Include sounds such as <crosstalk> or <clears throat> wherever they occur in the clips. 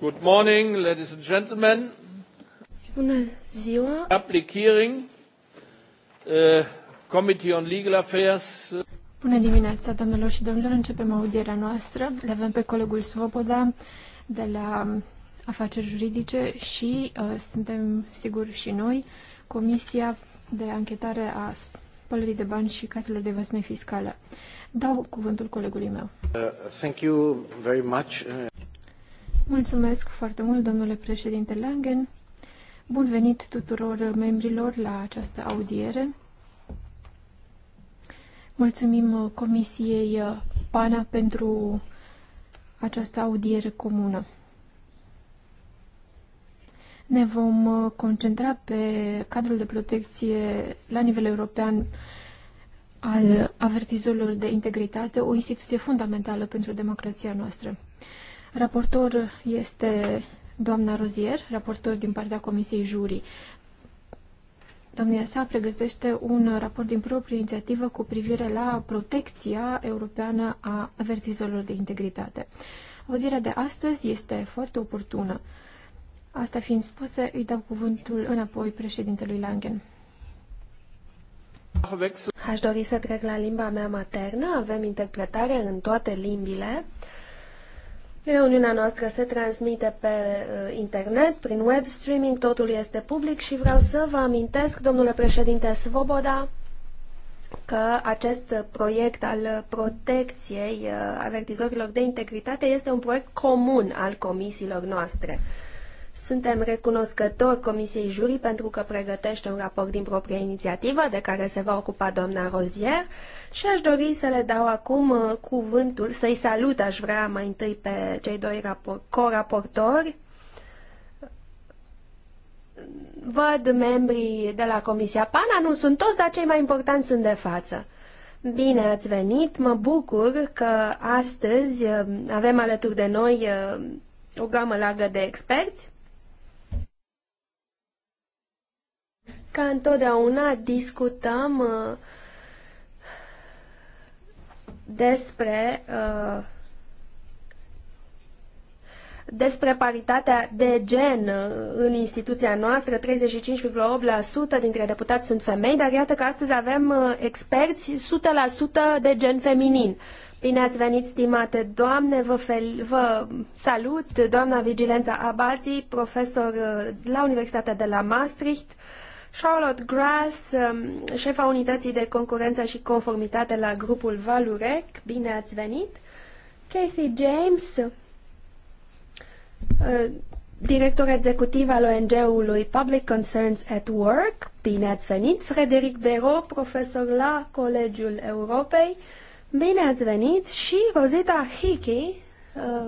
Good morning, ladies and gentlemen. Bună ziua. Public hearing, uh, Committee on Legal Affairs. Bună dimineața, domnilor și domnilor. Începem audierea noastră. Le avem pe colegul Svoboda de la um, afaceri juridice și uh, suntem siguri și noi Comisia de Anchetare a spălării de bani și caselor de evaziune fiscală. Dau cuvântul colegului meu. Uh, thank you very much. Mulțumesc foarte mult, domnule președinte Langen. Bun venit tuturor membrilor la această audiere. Mulțumim Comisiei PANA pentru această audiere comună. Ne vom uh, concentra pe cadrul de protecție la nivel european al avertizorilor de integritate, o instituție fundamentală pentru democrația noastră. Raportor este doamna Rozier, raportor din partea Comisiei Jurii. Domnia sa pregătește un raport din proprie inițiativă cu privire la protecția europeană a avertizorilor de integritate. Audierea de astăzi este foarte oportună. Asta fiind spuse, îi dau cuvântul înapoi președintelui Langen. Aș dori să trec la limba mea maternă. Avem interpretare în toate limbile. Reuniunea noastră se transmite pe uh, internet, prin web streaming, totul este public și vreau să vă amintesc, domnule președinte Svoboda, că acest proiect al protecției uh, avertizorilor de integritate este un proiect comun al comisiilor noastre. Suntem recunoscători Comisiei Jurii pentru că pregătește un raport din proprie inițiativă de care se va ocupa doamna Rozier și aș dori să le dau acum uh, cuvântul, să-i salut, aș vrea mai întâi pe cei doi coraportori. Văd membrii de la Comisia PANA, nu sunt toți, dar cei mai importanți sunt de față. Bine ați venit, mă bucur că astăzi uh, avem alături de noi uh, o gamă largă de experți Ca întotdeauna discutăm uh, despre uh, despre paritatea de gen uh, în instituția noastră, 35,8% dintre deputați sunt femei, dar iată că astăzi avem experți 100% de gen feminin. Bine ați venit, stimate doamne, vă, fel, vă salut, doamna Vigilența Abazi, profesor la Universitatea de la Maastricht, Charlotte Grass, um, șefa unității de concurență și conformitate la grupul Valurec, bine ați venit! Kathy James, uh, director executiv al ONG-ului Public Concerns at Work, bine ați venit! Frederic Bero, profesor la Colegiul Europei, bine ați venit! Și Rosita Hickey, uh,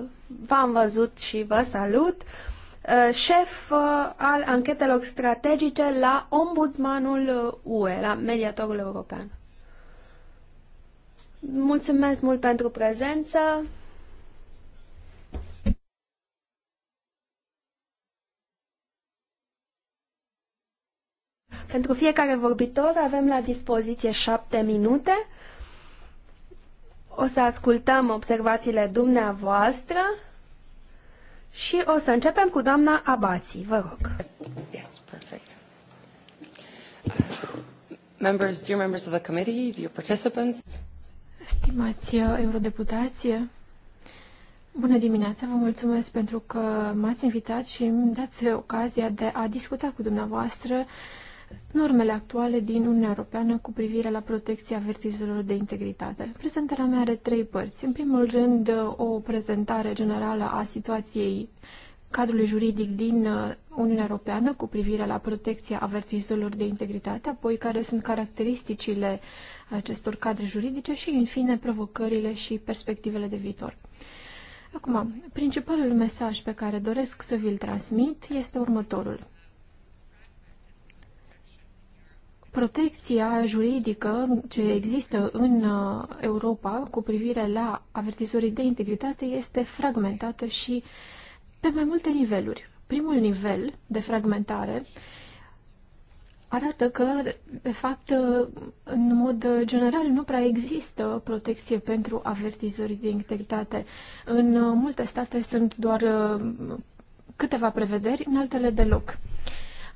v-am văzut și vă salut! Uh, șef uh, al anchetelor strategice la ombudsmanul UE, uh, la mediatorul european. Mulțumesc mult pentru prezență. Pentru fiecare vorbitor avem la dispoziție șapte minute. O să ascultăm observațiile dumneavoastră și o să începem cu doamna Abații, vă rog. Yes, perfect. Uh, members, dear members of the committee, dear participants. Stimați uh, Eurodeputație. bună dimineața, vă mulțumesc pentru că m-ați invitat și îmi dați ocazia de a discuta cu dumneavoastră uh, normele actuale din Uniunea Europeană cu privire la protecția vertizelor de integritate. Prezentarea mea are trei părți. În primul rând, o prezentare generală a situației cadrului juridic din uh, Uniunea Europeană cu privire la protecția avertizorilor de integritate, apoi care sunt caracteristicile acestor cadre juridice și, în fine, provocările și perspectivele de viitor. Acum, principalul mesaj pe care doresc să vi-l transmit este următorul. Protecția juridică ce există în uh, Europa cu privire la avertizorii de integritate este fragmentată și pe mai multe niveluri. Primul nivel de fragmentare arată că, de fapt, uh, în mod general, nu prea există protecție pentru avertizorii de integritate. În uh, multe state sunt doar câteva prevederi, în altele deloc.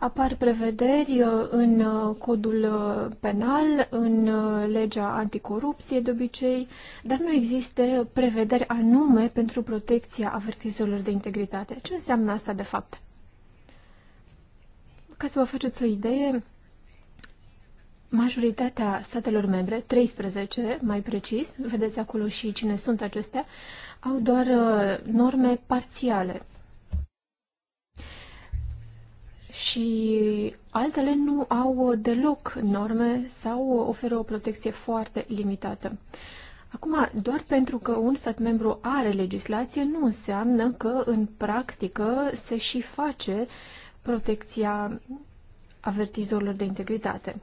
Apar prevederi uh, în uh, codul uh, penal, în legea anticorupție de obicei, dar nu există prevederi anume pentru protecția avertizorilor de integritate. Ce înseamnă asta de fapt? Ca să vă faceți o idee, majoritatea statelor membre, 13 mai precis, vedeți acolo și cine sunt acestea, au doar norme parțiale și altele nu au deloc norme sau oferă o protecție foarte limitată. Acum, doar pentru că un stat membru are legislație, nu înseamnă că în practică se și face protecția avertizorilor de integritate.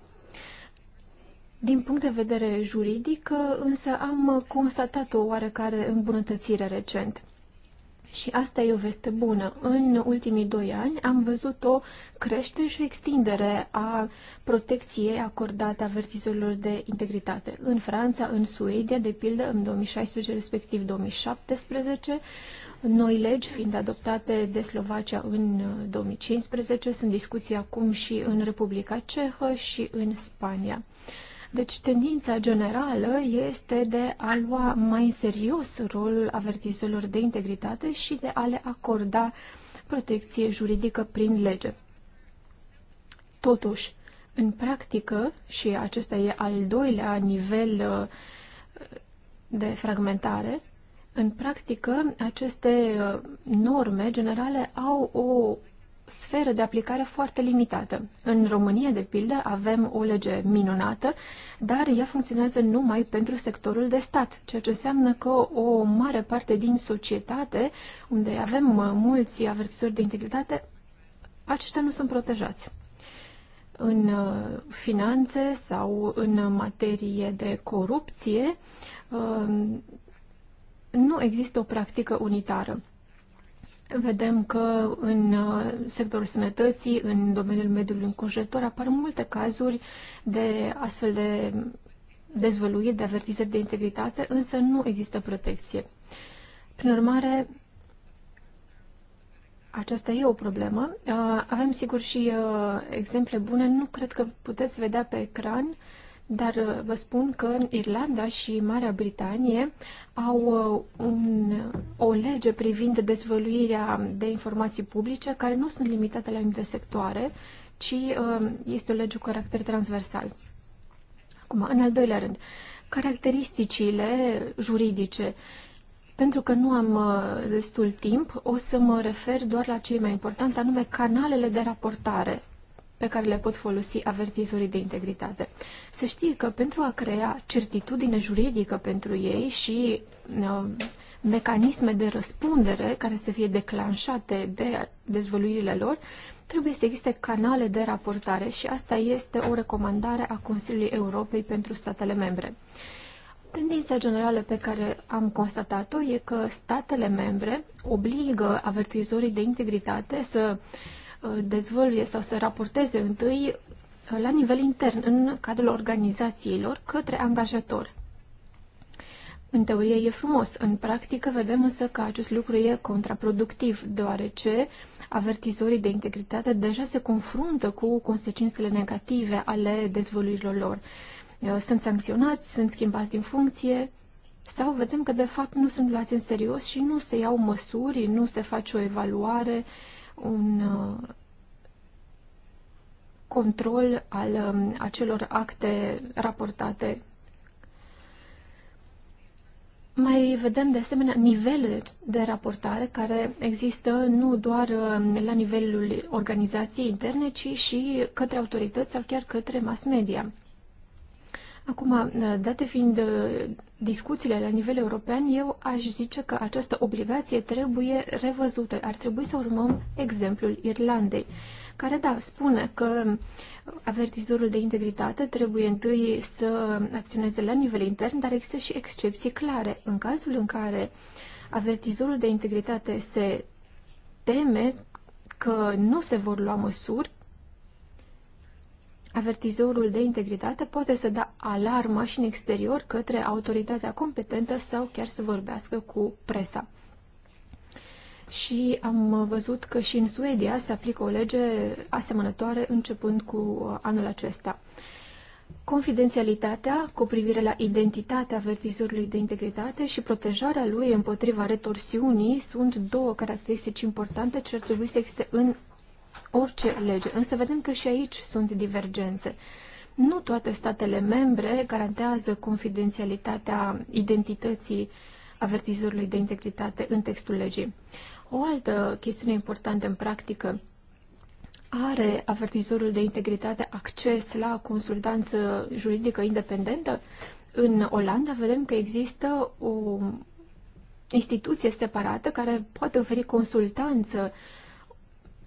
Din punct de vedere juridic, însă am constatat o oarecare îmbunătățire recent. Și asta e o veste bună. În ultimii doi ani am văzut o creștere și o extindere a protecției acordate avertizorilor de integritate. În Franța, în Suedia, de pildă, în 2016, respectiv 2017, noi legi fiind adoptate de Slovacia în 2015, sunt discuții acum și în Republica Cehă și în Spania. Deci tendința generală este de a lua mai în serios rolul avertizorilor de integritate și de a le acorda protecție juridică prin lege. Totuși, în practică, și acesta e al doilea nivel uh, de fragmentare, în practică, aceste uh, norme generale au o sferă de aplicare foarte limitată. În România, de pildă, avem o lege minunată, dar ea funcționează numai pentru sectorul de stat, ceea ce înseamnă că o mare parte din societate, unde avem uh, mulți avertizori de integritate, aceștia nu sunt protejați. În uh, finanțe sau în materie de corupție, uh, nu există o practică unitară. Vedem că în uh, sectorul sănătății, în domeniul mediului înconjurător, apar multe cazuri de astfel de dezvăluiri, de avertizări de integritate, însă nu există protecție. Prin urmare, aceasta e o problemă. Uh, avem sigur și uh, exemple bune. Nu cred că puteți vedea pe ecran uh, dar uh, vă spun că Irlanda și Marea Britanie au uh, un, o lege privind dezvăluirea de informații publice care nu sunt limitate la anumite sectoare, ci uh, este o lege cu caracter transversal. Acum, în al doilea rând, caracteristicile juridice. Pentru că nu am destul timp, o să mă refer doar la cei mai importante, anume canalele de raportare pe care le pot folosi avertizorii de integritate. Să știe că pentru a crea certitudine juridică pentru ei și uh, mecanisme de răspundere care să fie declanșate de dezvăluirile lor, trebuie să existe canale de raportare și asta este o recomandare a Consiliului Europei pentru statele membre. Tendința generală pe care am constatat-o e că statele membre obligă avertizorii de integritate să uh, Uh, dezvăluie sau să raporteze întâi uh, la nivel intern, în cadrul organizațiilor, către angajator. În teorie e frumos, în practică vedem însă că acest lucru e contraproductiv, deoarece avertizorii de integritate deja se confruntă cu consecințele negative ale dezvăluirilor lor. Uh, sunt sancționați, sunt schimbați din funcție sau vedem că de fapt nu sunt luați în serios și nu se iau măsuri, nu se face o evaluare uh, un uh, control al um, acelor acte raportate. Mai vedem de asemenea nivele de raportare care există nu doar um, la nivelul organizației interne, ci și către autorități sau chiar către mass media. Acum, date fiind uh, discuțiile la nivel european, eu aș zice că această obligație trebuie revăzută. Ar trebui să urmăm exemplul Irlandei, care, da, spune că avertizorul de integritate trebuie întâi să acționeze la nivel intern, dar există și excepții clare. În cazul în care avertizorul de integritate se teme că nu se vor lua măsuri, Avertizorul de integritate poate să da alarma și în exterior către autoritatea competentă sau chiar să vorbească cu presa. Și am văzut că și în Suedia se aplică o lege asemănătoare începând cu uh, anul acesta. Confidențialitatea cu privire la identitatea avertizorului de integritate și protejarea lui împotriva retorsiunii sunt două caracteristici importante ce ar trebui să existe în orice lege. Însă vedem că și aici sunt divergențe. Nu toate statele membre garantează confidențialitatea identității avertizorului de integritate în textul legii. O altă chestiune importantă în practică are avertizorul de integritate acces la consultanță juridică independentă? În Olanda vedem că există o instituție separată care poate oferi consultanță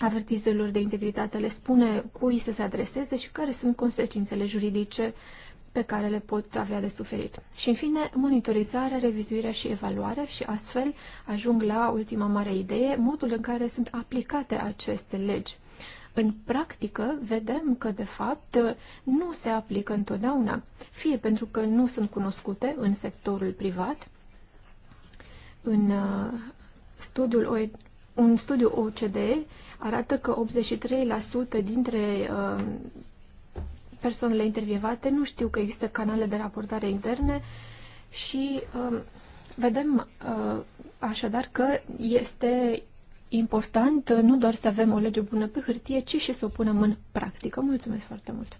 avertizorilor de integritate, le spune cui să se adreseze și care sunt consecințele juridice pe care le pot avea de suferit. Și, în fine, monitorizarea, revizuirea și evaluarea și, astfel, ajung la ultima mare idee, modul în care sunt aplicate aceste legi. În practică, vedem că, de fapt, nu se aplică întotdeauna, fie pentru că nu sunt cunoscute în sectorul privat, în uh, studiul, un studiu OCDE arată că 83% dintre uh, persoanele intervievate nu știu că există canale de raportare interne și uh, vedem uh, așadar că este important nu doar să avem o lege bună pe hârtie, ci și să o punem în practică. Mulțumesc foarte mult!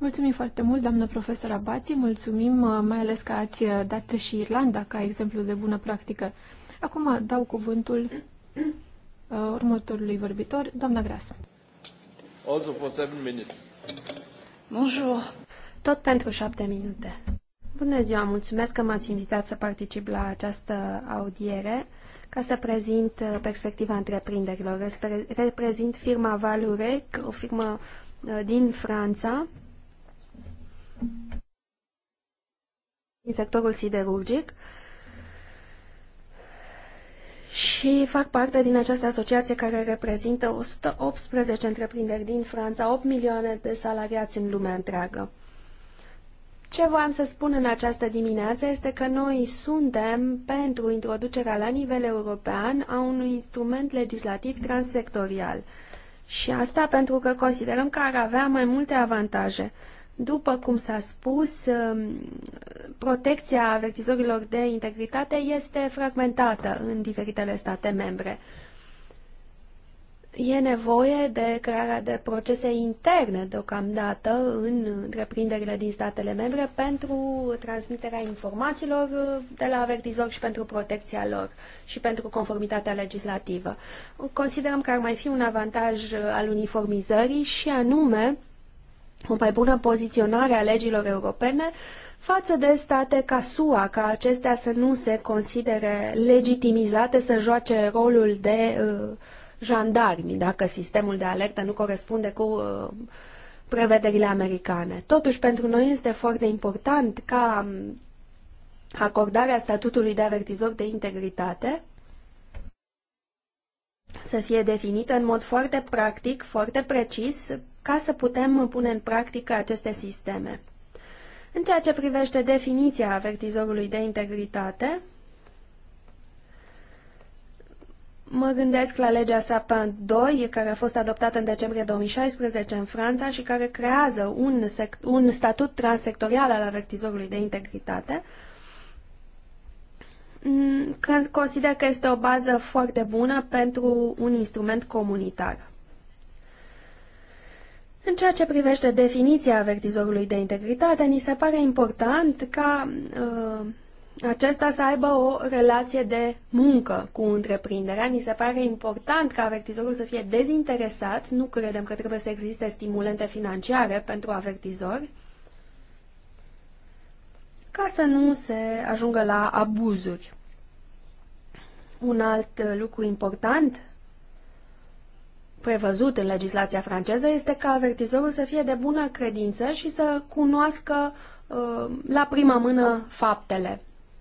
Mulțumim foarte mult, doamnă profesor Abații, mulțumim uh, mai ales că ați uh, dat și Irlanda ca exemplu de bună practică. Acum dau cuvântul uh, următorului vorbitor, doamna Gras. Also for seven minutes. Bonjour. Tot pentru șapte minute. Bună ziua, mulțumesc că m-ați invitat să particip la această audiere ca să prezint perspectiva întreprinderilor. Reprezint firma Valurec, o firmă din Franța, din sectorul siderurgic și fac parte din această asociație care reprezintă 118 întreprinderi din Franța, 8 milioane de salariați în lumea întreagă. Ce voiam să spun în această dimineață este că noi suntem pentru introducerea la nivel european a unui instrument legislativ transsectorial. Și asta pentru că considerăm că ar avea mai multe avantaje. După cum s-a spus, um, protecția avertizorilor de integritate este fragmentată în diferitele state membre. E nevoie de crearea de procese interne deocamdată în întreprinderile din statele membre pentru transmiterea informațiilor uh, de la avertizor și pentru protecția lor și pentru conformitatea legislativă. Considerăm că ar mai fi un avantaj uh, al uniformizării și anume o mai bună poziționare a legilor europene față de state ca SUA, ca acestea să nu se considere legitimizate să joace rolul de uh, jandarmi, dacă sistemul de alertă nu corespunde cu uh, prevederile americane. Totuși, pentru noi este foarte important ca um, acordarea statutului de avertizor de integritate să fie definită în mod foarte practic, foarte precis, ca să putem pune în practică aceste sisteme. În ceea ce privește definiția avertizorului de integritate, Mă gândesc la legea SAPAN 2, care a fost adoptată în decembrie 2016 în Franța și care creează un, un statut transsectorial al avertizorului de integritate. Mm, consider că este o bază foarte bună pentru un instrument comunitar. În ceea ce privește definiția avertizorului de integritate, ni se pare important ca uh, acesta să aibă o relație de muncă cu întreprinderea. Ni se pare important ca avertizorul să fie dezinteresat. Nu credem că trebuie să existe stimulente financiare pentru avertizori ca să nu se ajungă la abuzuri. Un alt lucru important prevăzut în legislația franceză este ca avertizorul să fie de bună credință și să cunoască uh, la prima mână faptele,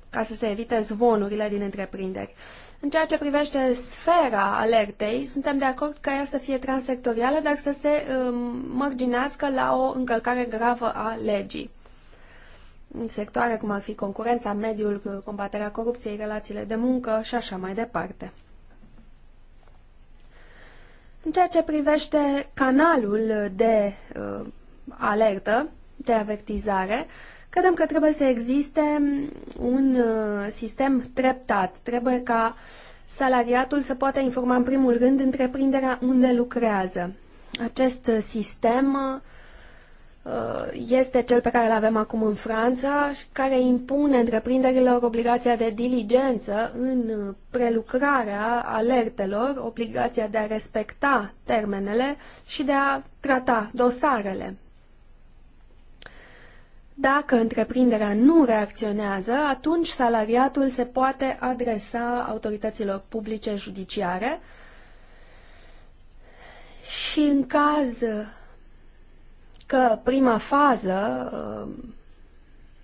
ca să se evite zvonurile din întreprinderi. În ceea ce privește sfera alertei, suntem de acord ca ea să fie transsectorială, dar să se um, mărginească la o încălcare gravă a legii. În sectoare cum ar fi concurența, mediul, combaterea corupției, relațiile de muncă și așa mai departe. În ceea ce privește canalul de uh, alertă, de avertizare, credem că trebuie să existe un uh, sistem treptat. Trebuie ca salariatul să poată informa în primul rând întreprinderea unde lucrează. Acest sistem uh, Uh, este cel pe care îl avem acum în Franța, care impune întreprinderilor obligația de diligență în prelucrarea alertelor, obligația de a respecta termenele și de a trata dosarele. Dacă întreprinderea nu reacționează, atunci salariatul se poate adresa autorităților publice judiciare și în caz că prima fază uh,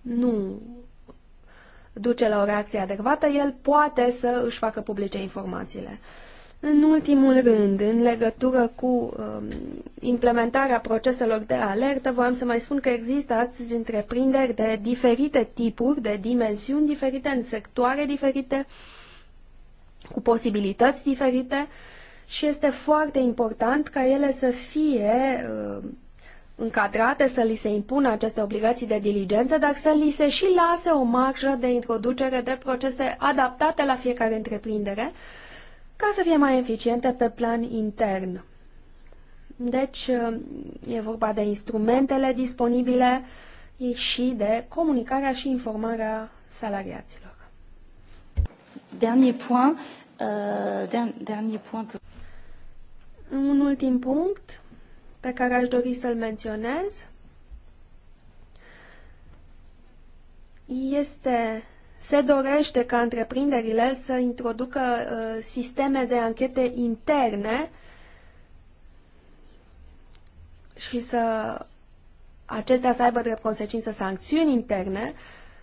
nu duce la o reacție adecvată, el poate să își facă publice informațiile. În ultimul rând, în legătură cu um, implementarea proceselor de alertă, voiam să mai spun că există astăzi întreprinderi de diferite tipuri, de dimensiuni diferite, în sectoare diferite, cu posibilități diferite și este foarte important ca ele să fie uh, încadrate, să li se impună aceste obligații de diligență, dar să li se și lase o marjă de introducere de procese adaptate la fiecare întreprindere, ca să fie mai eficiente pe plan intern. Deci, e vorba de instrumentele disponibile și de comunicarea și informarea salariaților. Dernier point, uh, dernier point Un ultim punct pe care aș dori să-l menționez este se dorește ca întreprinderile să introducă uh, sisteme de anchete interne și să acestea să aibă drept consecință sancțiuni interne,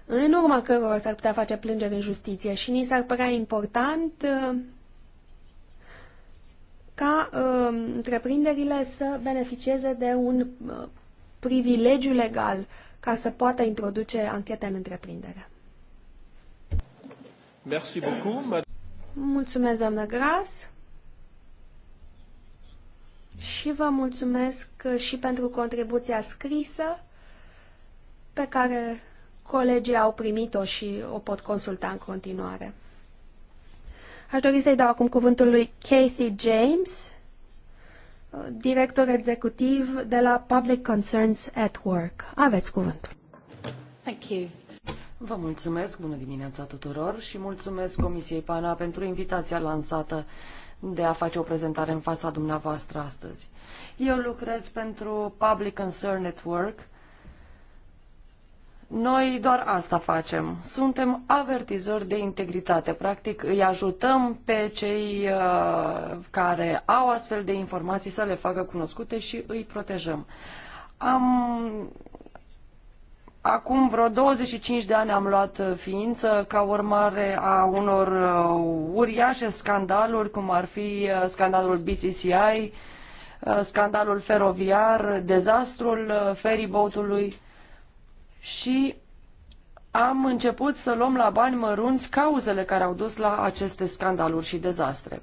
în urma cărora s-ar putea face plângeri în justiție și ni s-ar părea important uh, ca uh, întreprinderile să beneficieze de un uh, privilegiu legal ca să poată introduce anchete în întreprindere. Merci beaucoup. Mulțumesc, doamnă Gras. Și vă mulțumesc și pentru contribuția scrisă pe care colegii au primit-o și o pot consulta în continuare. Aș dori să-i dau acum cuvântul lui Kathy James, director executiv de la Public Concerns at Work. Aveți cuvântul. Thank you. Vă mulțumesc, bună dimineața tuturor și mulțumesc Comisiei PANA pentru invitația lansată de a face o prezentare în fața dumneavoastră astăzi. Eu lucrez pentru Public Concern Network, noi doar asta facem. Suntem avertizori de integritate. Practic îi ajutăm pe cei uh, care au astfel de informații să le facă cunoscute și îi protejăm. Am Acum vreo 25 de ani am luat uh, ființă ca urmare a unor uh, uriașe scandaluri, cum ar fi scandalul BCCI, scandalul feroviar, dezastrul feribotului și am început să luăm la bani mărunți cauzele care au dus la aceste scandaluri și dezastre.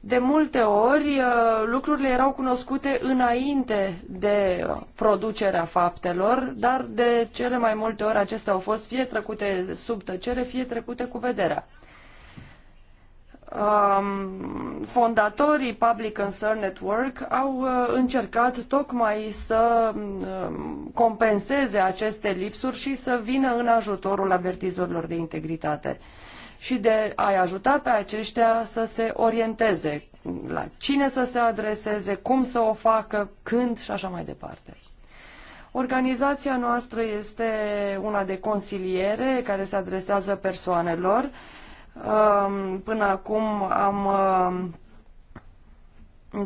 De multe ori, uh, lucrurile erau cunoscute înainte de producerea faptelor, dar de cele mai multe ori acestea au fost fie trecute sub tăcere, fie trecute cu vederea um, fondatorii Public Concern Network au uh, încercat tocmai să um, compenseze aceste lipsuri și să vină în ajutorul avertizorilor de integritate și de a-i ajuta pe aceștia să se orienteze la cine să se adreseze, cum să o facă, când și așa mai departe. Organizația noastră este una de consiliere care se adresează persoanelor Până acum am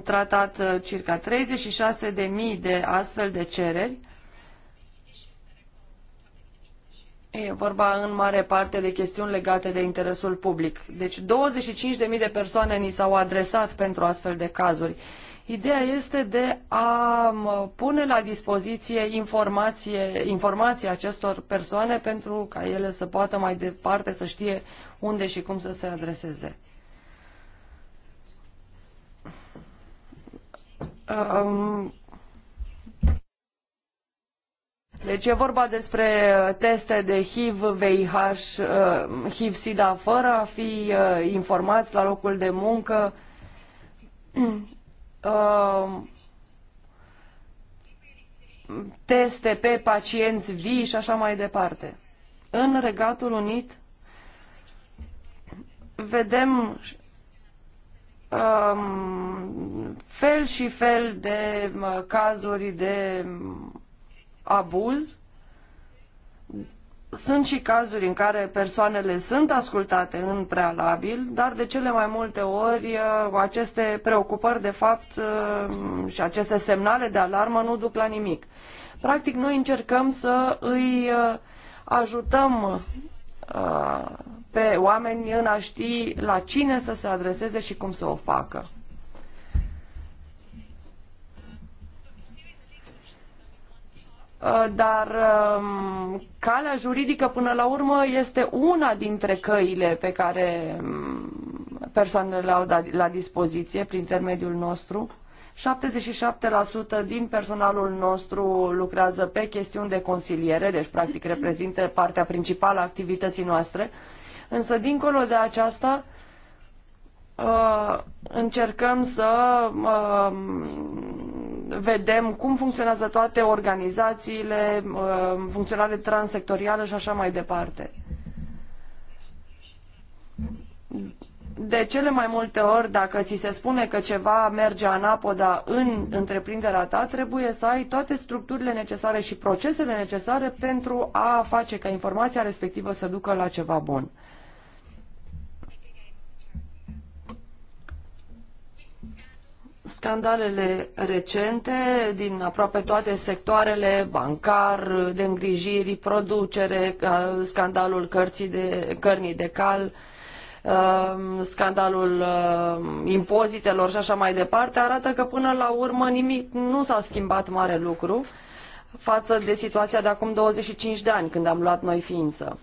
tratat uh, circa 36.000 de astfel de cereri. E vorba în mare parte de chestiuni legate de interesul public. Deci 25.000 de persoane ni s-au adresat pentru astfel de cazuri. Ideea este de a pune la dispoziție informație, informații acestor persoane pentru ca ele să poată mai departe să știe unde și cum să se adreseze. Um, deci e vorba despre teste de HIV, VIH, uh, HIV, SIDA, fără a fi uh, informați la locul de muncă <clears throat> Um, teste pe pacienți vii și așa mai departe. În Regatul Unit vedem um, fel și fel de uh, cazuri de um, abuz sunt și cazuri în care persoanele sunt ascultate în prealabil, dar de cele mai multe ori uh, aceste preocupări, de fapt, uh, și aceste semnale de alarmă nu duc la nimic. Practic, noi încercăm să îi uh, ajutăm pe oameni în a ști la cine să se adreseze și cum să o facă. Uh, dar um, calea juridică până la urmă este una dintre căile pe care um, persoanele le au da-, la dispoziție prin intermediul nostru. 77% din personalul nostru lucrează pe chestiuni de consiliere, deci practic reprezintă partea principală a activității noastre. Însă, dincolo de aceasta, uh, încercăm să uh, vedem cum funcționează toate organizațiile, uh, funcționare transsectorială și așa mai departe. De cele mai multe ori, dacă ți se spune că ceva merge anapoda în întreprinderea ta, trebuie să ai toate structurile necesare și procesele necesare pentru a face ca informația respectivă să ducă la ceva bun. Scandalele recente din aproape toate sectoarele, bancar, de îngrijiri, producere, scandalul cărții de, cărnii de cal, um, scandalul um, impozitelor și așa mai departe, arată că până la urmă nimic nu s-a schimbat mare lucru față de situația de acum 25 de ani, când am luat noi ființă.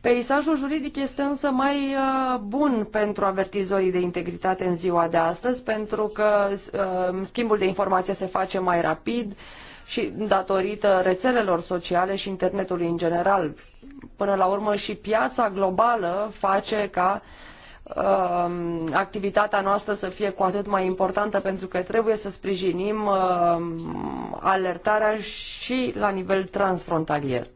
Peisajul juridic este însă mai uh, bun pentru avertizorii de integritate în ziua de astăzi, pentru că uh, schimbul de informație se face mai rapid și datorită rețelelor sociale și internetului în general. Până la urmă și piața globală face ca uh, activitatea noastră să fie cu atât mai importantă pentru că trebuie să sprijinim alertarea și la nivel transfrontalier.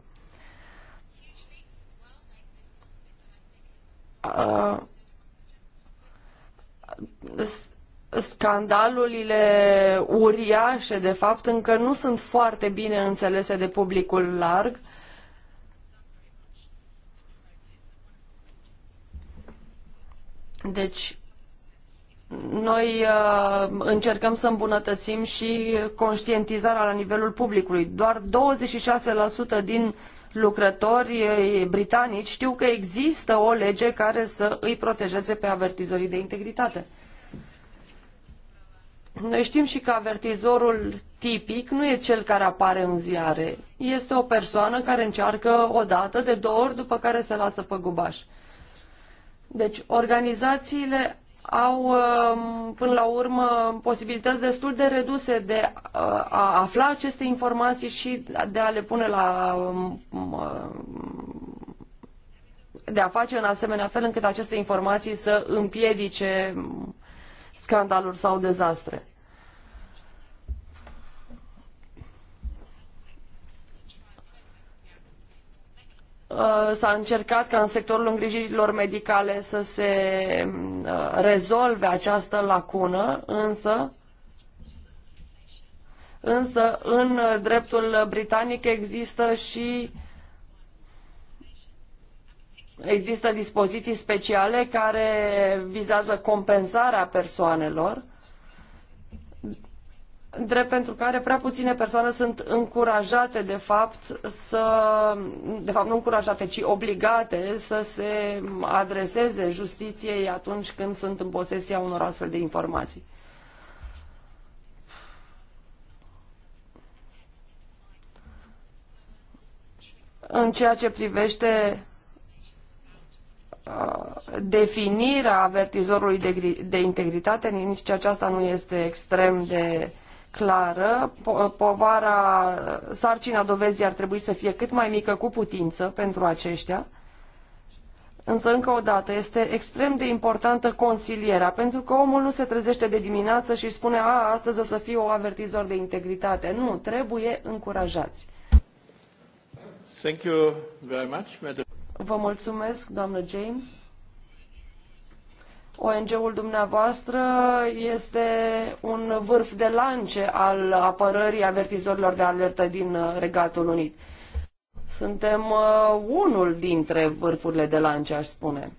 Uh, scandalurile uriașe, de fapt, încă nu sunt foarte bine înțelese de publicul larg. Deci, noi uh, încercăm să îmbunătățim și conștientizarea la nivelul publicului. Doar 26% din uh, lucrători eh, britanici știu că există o lege care să îi protejeze pe avertizorii de integritate. Noi știm și că avertizorul tipic nu e cel care apare în ziare. Este o persoană care încearcă o dată, de două ori, după care se lasă pe gubaș. Deci, organizațiile au um, până la urmă posibilități destul de reduse de uh, a afla aceste informații și de a le pune la um, um, de a face în asemenea fel încât aceste informații să împiedice scandaluri sau dezastre. Uh, s-a încercat ca în sectorul îngrijirilor medicale să se uh, rezolve această lacună, însă însă în dreptul britanic există și există dispoziții speciale care vizează compensarea persoanelor drept pentru care prea puține persoane sunt încurajate de fapt să, de fapt nu încurajate, ci obligate să se adreseze justiției atunci când sunt în posesia unor astfel de informații. În ceea ce privește definirea avertizorului de, de integritate, nici aceasta nu este extrem de clară, povara, sarcina dovezii ar trebui să fie cât mai mică cu putință pentru aceștia, însă încă o dată este extrem de importantă consilierea, pentru că omul nu se trezește de dimineață și spune, a, astăzi o să fiu o avertizor de integritate. Nu, trebuie încurajați. Thank you very much, Madam. Vă mulțumesc, doamnă James. ONG-ul dumneavoastră este un vârf de lance al apărării avertizorilor de alertă din uh, Regatul Unit. Suntem uh, unul dintre vârfurile de lance, aș spune.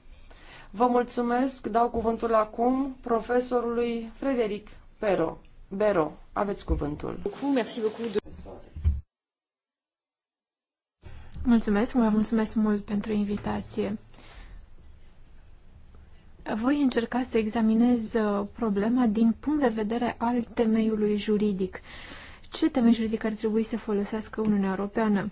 Vă mulțumesc, dau cuvântul acum profesorului Frederic Pero. Bero, aveți cuvântul. Mulțumesc, vă mulțumesc mult pentru invitație. Voi încerca să examinez uh, problema din punct de vedere al temeiului juridic. Ce temei juridic ar trebui să folosească Uniunea Europeană?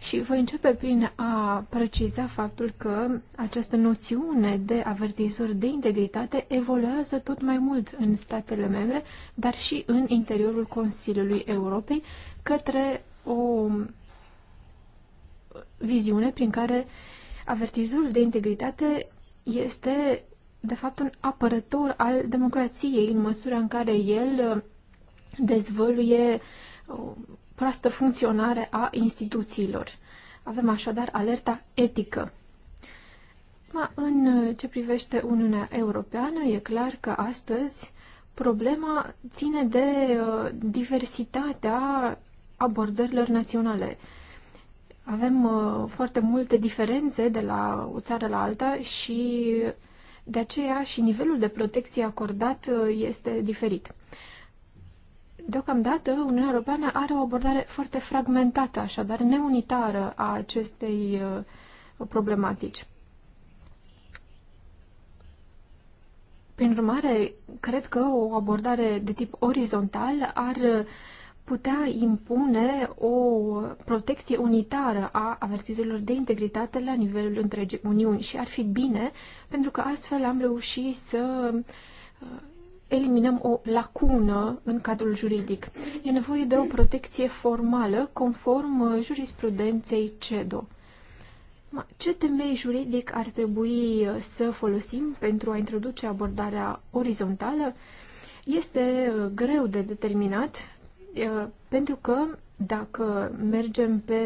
Și voi începe prin a preciza faptul că această noțiune de avertizor de integritate evoluează tot mai mult în statele membre, dar și în interiorul Consiliului Europei, către o viziune prin care avertizorul de integritate este de fapt, un apărător al democrației, în măsura în care el uh, dezvăluie uh, proastă funcționare a instituțiilor. Avem așadar alerta etică. Ma, în uh, ce privește Uniunea Europeană, e clar că astăzi problema ține de diversitatea abordărilor naționale. Avem foarte multe diferențe de la o țară la alta și de aceea și nivelul de protecție acordat uh, este diferit. Deocamdată, Uniunea Europeană are o abordare foarte fragmentată, așadar neunitară a acestei uh, problematici. Prin urmare, cred că o abordare de tip orizontal ar putea impune o protecție unitară a avertizorilor de integritate la nivelul întregii Uniuni și ar fi bine pentru că astfel am reușit să uh, eliminăm o lacună în cadrul juridic. E nevoie de o protecție formală conform uh, jurisprudenței CEDO. Ce temei juridic ar trebui uh, să folosim pentru a introduce abordarea orizontală? Este greu de determinat, pentru că dacă mergem pe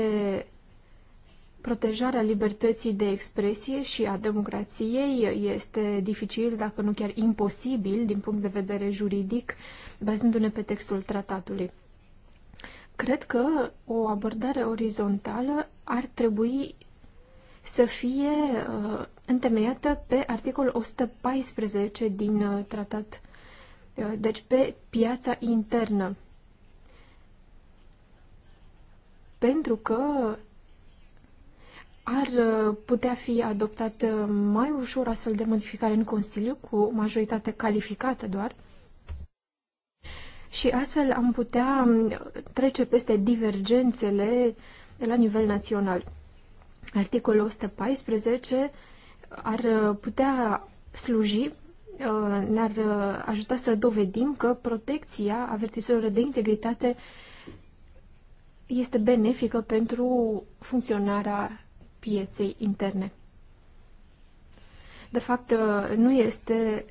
protejarea libertății de expresie și a democrației este dificil, dacă nu chiar imposibil, din punct de vedere juridic, bazându-ne pe textul tratatului. Cred că o abordare orizontală ar trebui să fie uh, întemeiată pe articolul 114 din uh, tratat, uh, deci pe piața internă. pentru că ar uh, putea fi adoptată uh, mai ușor astfel de modificare în Consiliu, cu majoritate calificată doar, și astfel am putea um, trece peste divergențele la nivel național. Articolul 114 ar uh, putea sluji, ne-ar ajuta să dovedim că protecția avertizorilor de integritate este benefică pentru funcționarea pieței interne. De fapt, nu este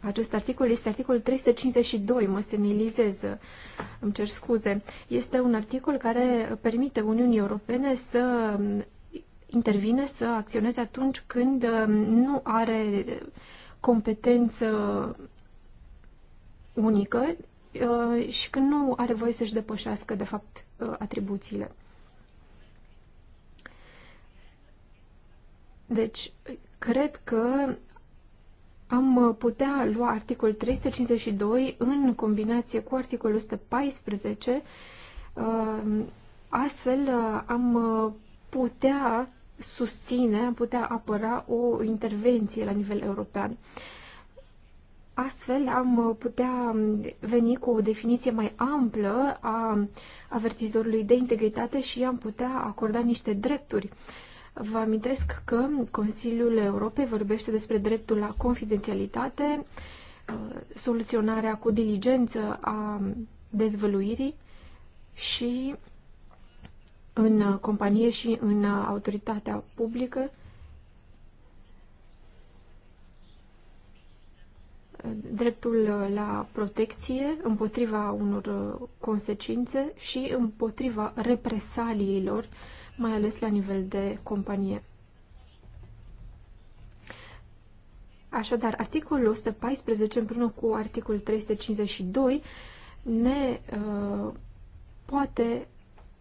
acest articol este articolul 352, mă semnilizez, îmi cer scuze. Este un articol care permite Uniunii Europene să intervine, să acționeze atunci când um, nu are competență unică, Uh, și că nu are voie să-și depășească, de fapt, uh, atribuțiile. Deci, cred că am putea lua articolul 352 în combinație cu articolul 114, uh, astfel am putea susține, am putea apăra o intervenție la nivel european. Astfel am uh, putea um, veni cu o definiție mai amplă a avertizorului de integritate și am putea acorda niște drepturi. Vă amintesc că Consiliul Europei vorbește despre dreptul la confidențialitate, uh, soluționarea cu diligență a dezvăluirii și în companie și în autoritatea publică dreptul uh, la protecție împotriva unor uh, consecințe și împotriva represaliilor, mai ales la nivel de companie. Așadar, articolul 114 împreună cu articolul 352 ne uh, poate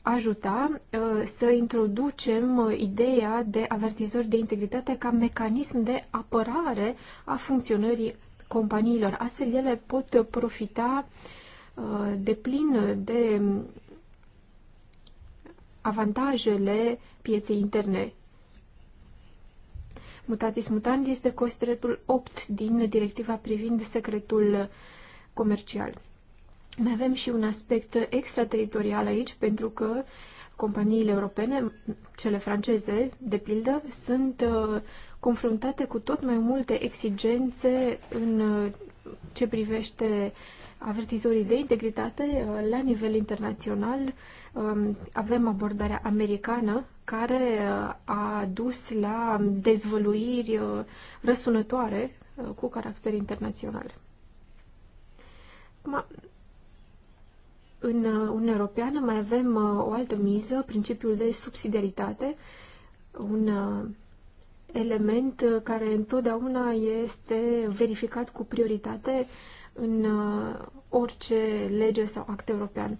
ajuta uh, să introducem uh, ideea de avertizori de integritate ca mecanism de apărare a funcționării companiilor. Astfel ele pot profita uh, de plin de avantajele pieței interne. Mutatis mutandis este costretul 8 din directiva privind secretul comercial. Mai avem și un aspect extrateritorial aici, pentru că companiile europene, cele franceze, de pildă, sunt uh, confruntate cu tot mai multe exigențe în uh, ce privește avertizorii de integritate uh, la nivel internațional. Um, avem abordarea americană care uh, a dus la dezvăluiri răsunătoare cu caracter internațional. Acum, în Uniunea Europeană mai avem o altă miză, principiul de subsidiaritate, un element uh, care întotdeauna este verificat cu prioritate în uh, orice lege sau act european.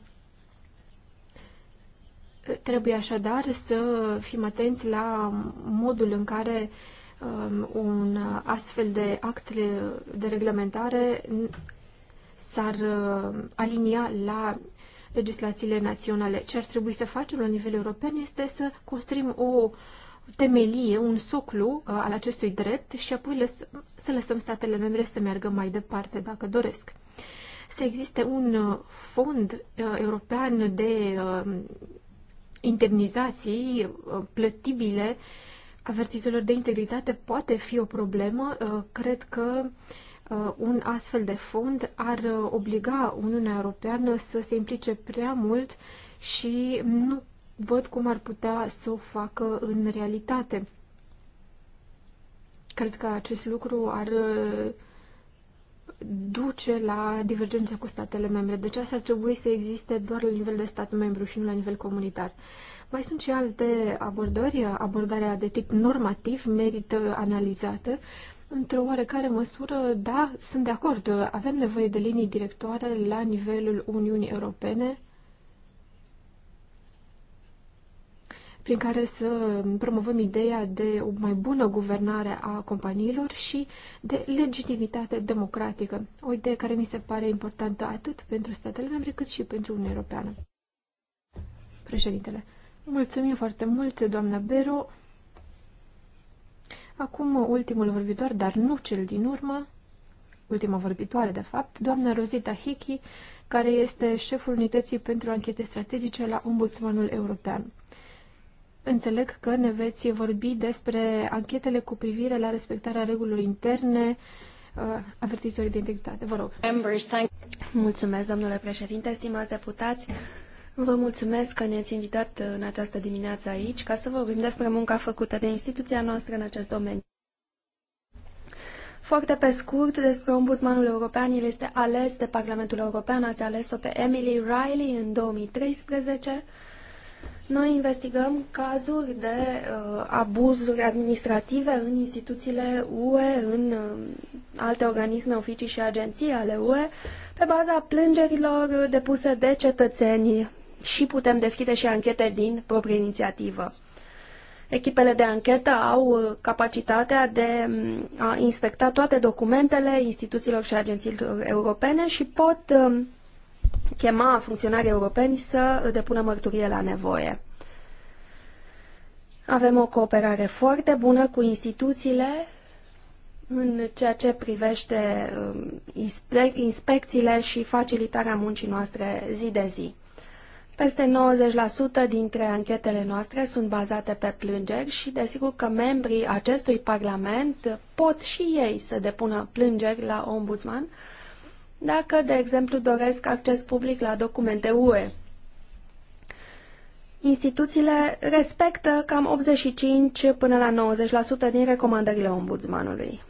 Trebuie așadar să fim atenți la modul în care um, un astfel de act de reglementare s-ar uh, alinia la legislațiile naționale. Ce ar trebui să facem la nivel european este să construim o uh, temelie, un soclu uh, al acestui drept și apoi lăs- să lăsăm statele membre să meargă mai departe dacă doresc. Să existe un uh, fond uh, european de indemnizații plătibile avertizorilor de integritate poate fi o problemă. Cred că un astfel de fond ar obliga Uniunea Europeană să se implice prea mult și nu văd cum ar putea să o facă în realitate. Cred că acest lucru ar uh, duce la divergențe cu statele membre. Deci asta ar trebui să existe doar la nivel de stat membru și nu la nivel comunitar. Mai sunt și alte abordări. Abordarea de tip normativ merită analizată. Într-o oarecare măsură, da, sunt de acord. Avem nevoie de linii directoare la nivelul Uniunii Europene prin care să promovăm ideea de o mai bună guvernare a companiilor și de legitimitate democratică. O idee care mi se pare importantă atât pentru statele membre cât și pentru Uniunea Europeană. Președintele, mulțumim foarte mult, doamna Bero. Acum ultimul vorbitor, dar nu cel din urmă, ultima vorbitoare, de fapt, doamna Rosita Hickey, care este șeful unității pentru anchete strategice la Ombudsmanul European. Înțeleg că ne veți vorbi despre anchetele cu privire la respectarea regulilor interne, uh, avertizorii de integritate. Vă rog. Mulțumesc, domnule președinte, stimați deputați. Vă mulțumesc că ne-ați invitat în această dimineață aici ca să vorbim despre munca făcută de instituția noastră în acest domeniu. Foarte pe scurt, despre ombudsmanul european, el este ales de Parlamentul European, ați ales-o pe Emily Riley în 2013 noi investigăm cazuri de uh, abuzuri administrative în instituțiile UE, în uh, alte organisme, oficii și agenții ale UE, pe baza plângerilor depuse de cetățeni și putem deschide și anchete din proprie inițiativă. Echipele de anchetă au uh, capacitatea de mm, a inspecta toate documentele instituțiilor și agențiilor europene și pot uh, chema funcționarii europeni să depună mărturie la nevoie. Avem o cooperare foarte bună cu instituțiile în ceea ce privește um, inspecțiile și facilitarea muncii noastre zi de zi. Peste 90% dintre anchetele noastre sunt bazate pe plângeri și desigur că membrii acestui parlament pot și ei să depună plângeri la ombudsman dacă, de exemplu, doresc acces public la documente UE. Instituțiile respectă cam 85 până la 90% din recomandările ombudsmanului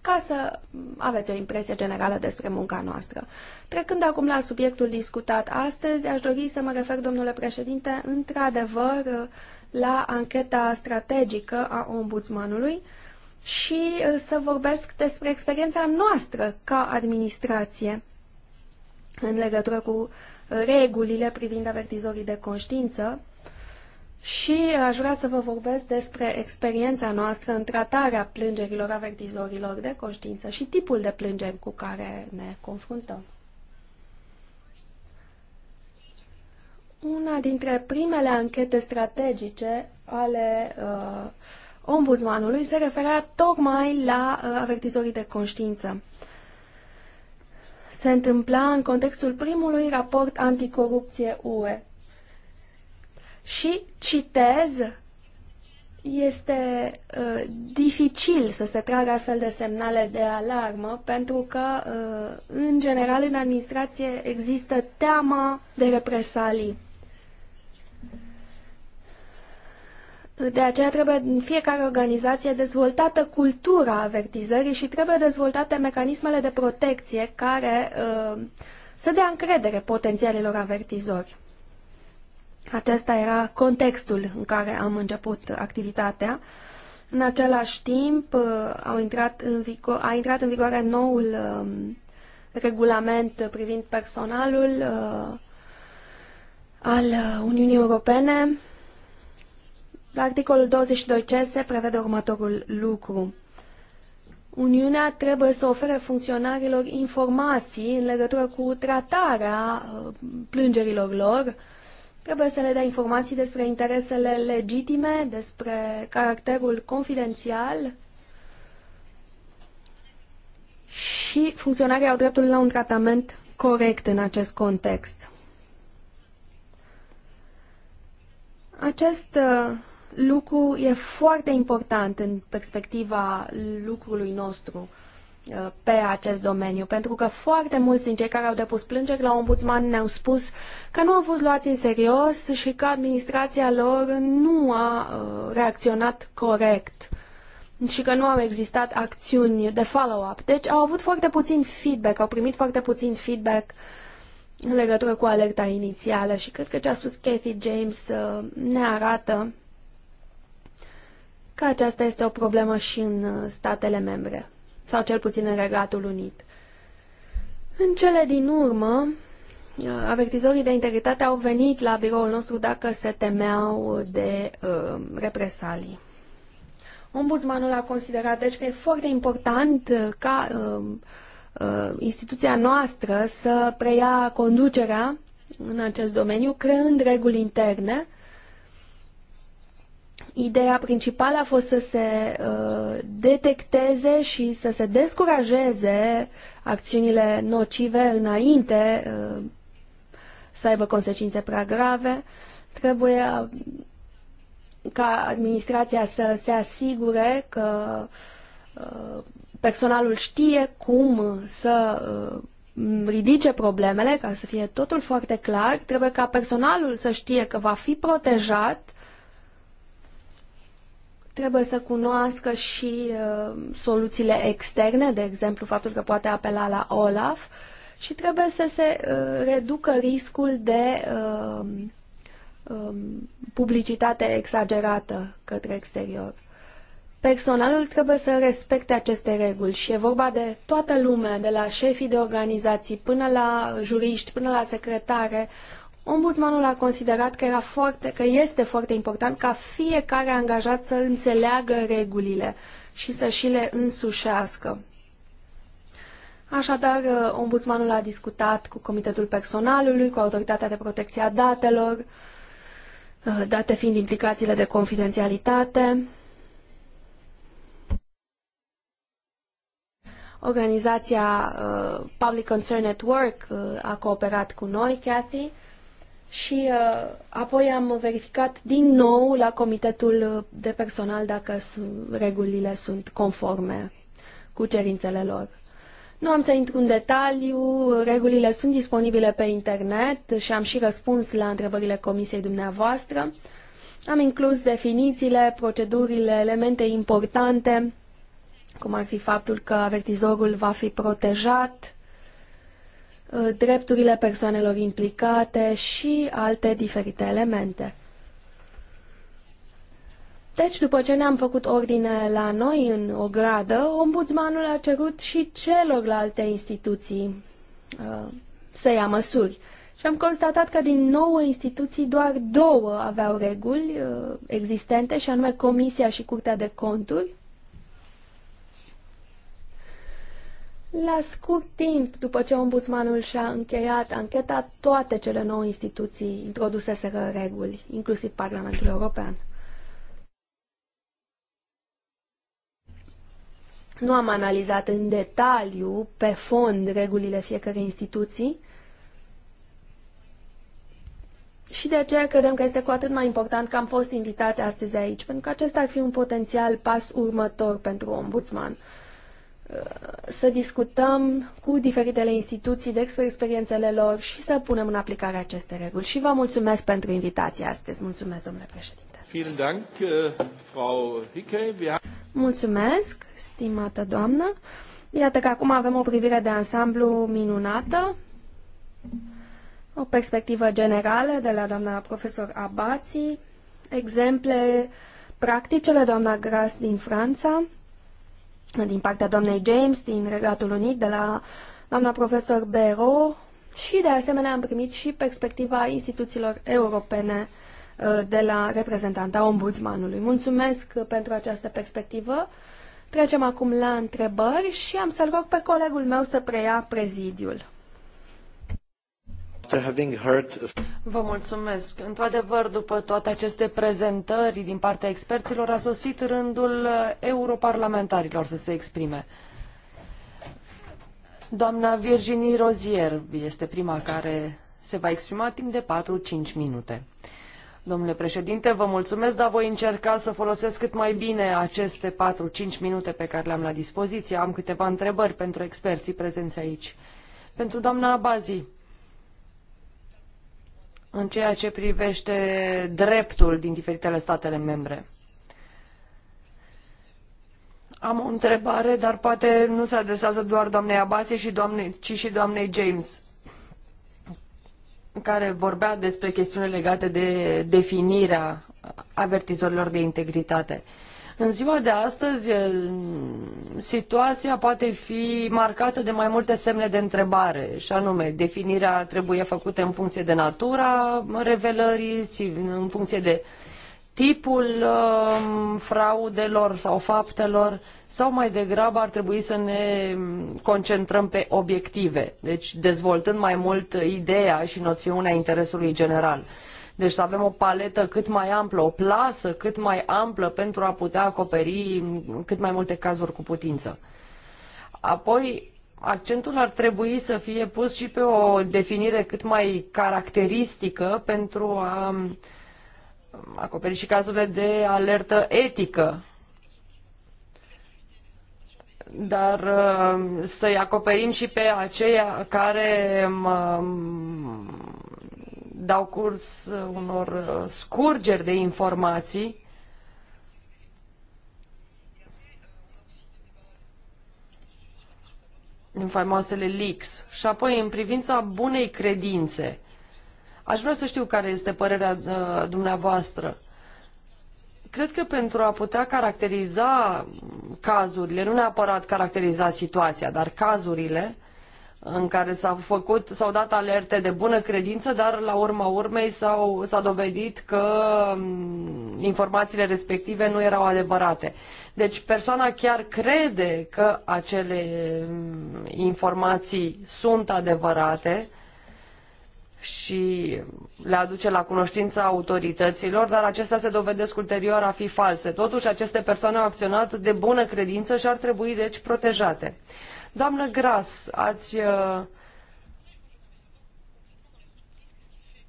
ca să aveți o impresie generală despre munca noastră. Trecând acum la subiectul discutat astăzi, aș dori să mă refer, domnule președinte, într-adevăr la ancheta strategică a ombudsmanului, și să vorbesc despre experiența noastră ca administrație în legătură cu regulile privind avertizorii de conștiință și aș vrea să vă vorbesc despre experiența noastră în tratarea plângerilor avertizorilor de conștiință și tipul de plângeri cu care ne confruntăm. Una dintre primele anchete strategice ale uh, ombudsmanului se referea tocmai la uh, avertizorii de conștiință. Se întâmpla în contextul primului raport anticorupție UE. Și citez, este uh, dificil să se tragă astfel de semnale de alarmă pentru că, uh, în general, în administrație există teama de represalii De aceea trebuie în fiecare organizație dezvoltată cultura avertizării și trebuie dezvoltate mecanismele de protecție care uh, să dea încredere potențialilor avertizori. Acesta era contextul în care am început activitatea. În același timp uh, au intrat în a intrat în vigoare noul um, regulament privind personalul uh, al Uniunii Europene la articolul 22C se prevede următorul lucru. Uniunea trebuie să ofere funcționarilor informații în legătură cu tratarea uh, plângerilor lor. Trebuie să le dea informații despre interesele legitime, despre caracterul confidențial și funcționarii au dreptul la un tratament corect în acest context. Acest uh, lucru e foarte important în perspectiva lucrului nostru uh, pe acest domeniu, pentru că foarte mulți din cei care au depus plângeri la ombudsman ne-au spus că nu au fost luați în serios și că administrația lor nu a uh, reacționat corect și că nu au existat acțiuni de follow-up. Deci au avut foarte puțin feedback, au primit foarte puțin feedback în legătură cu alerta inițială și cred că ce a spus Kathy James uh, ne arată că aceasta este o problemă și în uh, statele membre, sau cel puțin în Regatul Unit. În cele din urmă, uh, avertizorii de integritate au venit la biroul nostru dacă se temeau de uh, represalii. Ombudsmanul a considerat deci că e foarte important uh, ca uh, uh, instituția noastră să preia conducerea în acest domeniu, creând reguli interne uh, Ideea principală a fost să se uh, detecteze și să se descurajeze acțiunile nocive înainte uh, să aibă consecințe prea grave. Trebuie uh, ca administrația să se asigure că uh, personalul știe cum să uh, ridice problemele, ca să fie totul foarte clar. Trebuie ca personalul să știe că va fi protejat trebuie să cunoască și uh, soluțiile externe, de exemplu faptul că poate apela la OLAF și trebuie să se uh, reducă riscul de uh, um, publicitate exagerată către exterior. Personalul trebuie să respecte aceste reguli și e vorba de toată lumea, de la șefii de organizații până la juriști, până la secretare, Ombudsmanul a considerat că, era foarte, că este foarte important ca fiecare angajat să înțeleagă regulile și să și le însușească. Așadar, ombudsmanul a discutat cu Comitetul Personalului, cu Autoritatea de Protecție a Datelor, date fiind implicațiile de confidențialitate, Organizația uh, Public Concern Network uh, a cooperat cu noi, Cathy, și uh, apoi am verificat din nou la comitetul de personal dacă regulile sunt conforme cu cerințele lor. Nu am să intru în detaliu, regulile sunt disponibile pe internet și am și răspuns la întrebările comisiei dumneavoastră. Am inclus definițiile, procedurile, elemente importante, cum ar fi faptul că avertizorul va fi protejat, Uh, drepturile persoanelor implicate și alte diferite elemente. Deci, după ce ne-am făcut ordine la noi în o gradă, ombudsmanul a cerut și celorlalte instituții uh, să ia măsuri. Și am constatat că din nouă instituții doar două aveau reguli uh, existente, și anume Comisia și Curtea de Conturi. La scurt timp, după ce ombudsmanul și-a încheiat ancheta, toate cele nouă instituții introduseseră reguli, inclusiv Parlamentul European. Nu am analizat în detaliu, pe fond, regulile fiecărei instituții și de aceea credem că este cu atât mai important că am fost invitați astăzi aici, pentru că acesta ar fi un potențial pas următor pentru ombudsman să discutăm cu diferitele instituții despre experiențele lor și să punem în aplicare aceste reguli. Și vă mulțumesc pentru invitația astăzi. Mulțumesc, domnule președinte. Uh, mulțumesc, stimată doamnă. Iată că acum avem o privire de ansamblu minunată, o perspectivă generală de la doamna profesor Abații, exemple practicele doamna Gras din Franța, din partea doamnei James din Regatul Unit, de la doamna profesor Bero și de asemenea am primit și perspectiva instituțiilor europene uh, de la reprezentanta ombudsmanului. Mulțumesc pentru această perspectivă. Trecem acum la întrebări și am să-l rog pe colegul meu să preia prezidiul. Vă mulțumesc. Într-adevăr, după toate aceste prezentări din partea experților, a sosit rândul europarlamentarilor să se exprime. Doamna Virginie Rozier este prima care se va exprima timp de 4-5 minute. Domnule președinte, vă mulțumesc, dar voi încerca să folosesc cât mai bine aceste 4-5 minute pe care le-am la dispoziție. Am câteva întrebări pentru experții prezenți aici. Pentru doamna Abazi, în ceea ce privește dreptul din diferitele statele membre. Am o întrebare, dar poate nu se adresează doar doamnei Abase, și doamne, ci și doamnei James, care vorbea despre chestiuni legate de definirea avertizorilor de integritate. Uh, în ziua de astăzi, situația poate fi marcată de mai multe semne de întrebare, și anume, definirea trebuie făcută în funcție de natura revelării, în funcție de tipul um, fraudelor sau faptelor, sau mai degrabă ar trebui să ne concentrăm pe obiective, deci dezvoltând mai mult ideea și noțiunea interesului general. Deci să avem o paletă cât mai amplă, o plasă cât mai amplă pentru a putea acoperi cât mai multe cazuri cu putință. Apoi, accentul ar trebui să fie pus și pe o definire cât mai caracteristică pentru a um, acoperi și cazurile de alertă etică, dar uh, să-i acoperim și pe aceia care um, dau curs unor uh, scurgeri de informații. în faimoasele leaks. Și apoi, în privința bunei credințe, aș vrea să știu care este părerea uh, dumneavoastră. Cred că pentru a putea caracteriza mm, cazurile, nu neapărat caracteriza situația, dar cazurile, în care s-au făcut, s-au dat alerte de bună credință, dar la urma urmei s-au, s-a dovedit că mm, informațiile respective nu erau adevărate. Deci persoana chiar crede că acele mm, informații sunt adevărate și le aduce la cunoștința autorităților, dar acestea se dovedesc ulterior a fi false. Totuși, aceste persoane au acționat de bună credință și ar trebui, deci, protejate. Doamnă Gras, ați... Uh,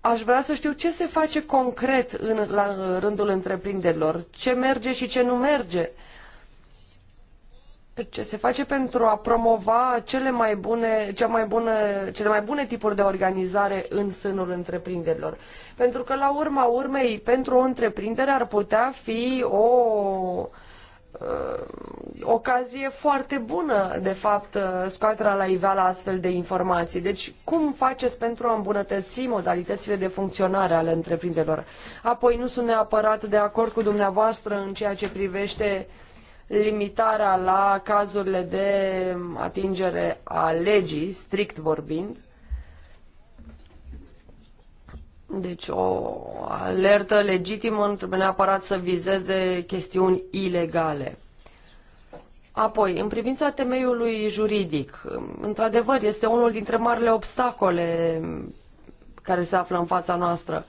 aș vrea să știu ce se face concret în, la rândul întreprinderilor, ce merge și ce nu merge, ce se face pentru a promova cele mai bune, cea mai bună, cele mai bune tipuri de organizare în sânul întreprinderilor. Pentru că, la urma urmei, pentru o întreprindere ar putea fi o Uh, ocazie foarte bună, de fapt, uh, scoaterea la iveală astfel de informații. Deci, cum faceți pentru a îmbunătăți modalitățile de funcționare ale întreprinderilor? Apoi, nu sunt neapărat de acord cu dumneavoastră în ceea ce privește limitarea la cazurile de atingere a legii, strict vorbind, deci o alertă legitimă nu trebuie neapărat să vizeze chestiuni ilegale. Apoi, în privința temeiului juridic, într-adevăr, este unul dintre marile obstacole care se află în fața noastră.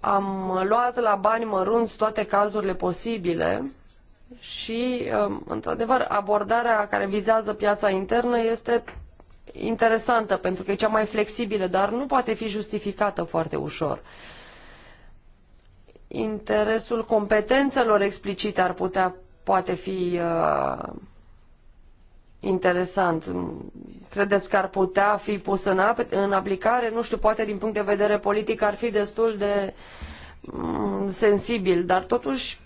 Am luat la bani mărunți toate cazurile posibile și, um, într-adevăr, abordarea care vizează piața internă este interesantă pentru că e cea mai flexibilă, dar nu poate fi justificată foarte ușor. Interesul competențelor explicite ar putea, poate fi uh, interesant. Credeți că ar putea fi pus în, în aplicare? Nu știu, poate din punct de vedere politic ar fi destul de um, sensibil, dar totuși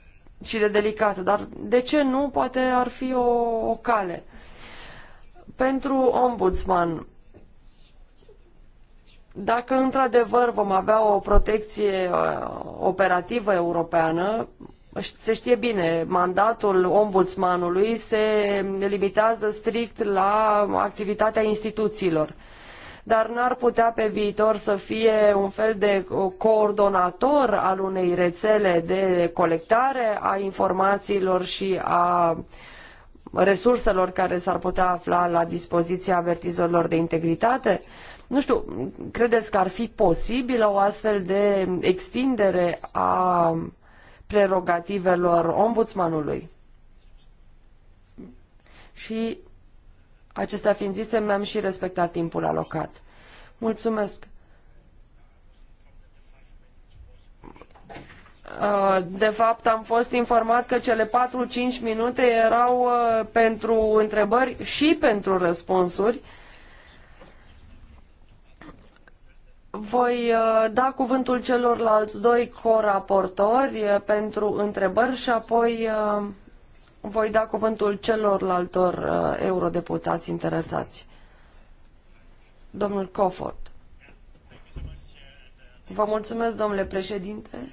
și de delicat. Dar de ce nu? Poate ar fi o, o cale. Pentru ombudsman, dacă într-adevăr vom avea o protecție uh, operativă europeană, se știe bine, mandatul ombudsmanului se limitează strict la activitatea instituțiilor dar n-ar putea pe viitor să fie un fel de coordonator al unei rețele de colectare a informațiilor și a uh, resurselor care s-ar putea afla la dispoziția avertizorilor de integritate? Nu știu, credeți că ar fi posibilă o astfel de extindere a prerogativelor ombudsmanului? Și acestea fiind zise, mi-am și respectat timpul alocat. Mulțumesc! Uh, de fapt, am fost informat că cele 4-5 minute erau uh, pentru întrebări și pentru răspunsuri. Voi uh, da cuvântul celorlalți doi coraportori pentru întrebări și apoi voi da cuvântul celorlaltor eurodeputați interesați. Domnul Cofort. Vă mulțumesc, domnule președinte.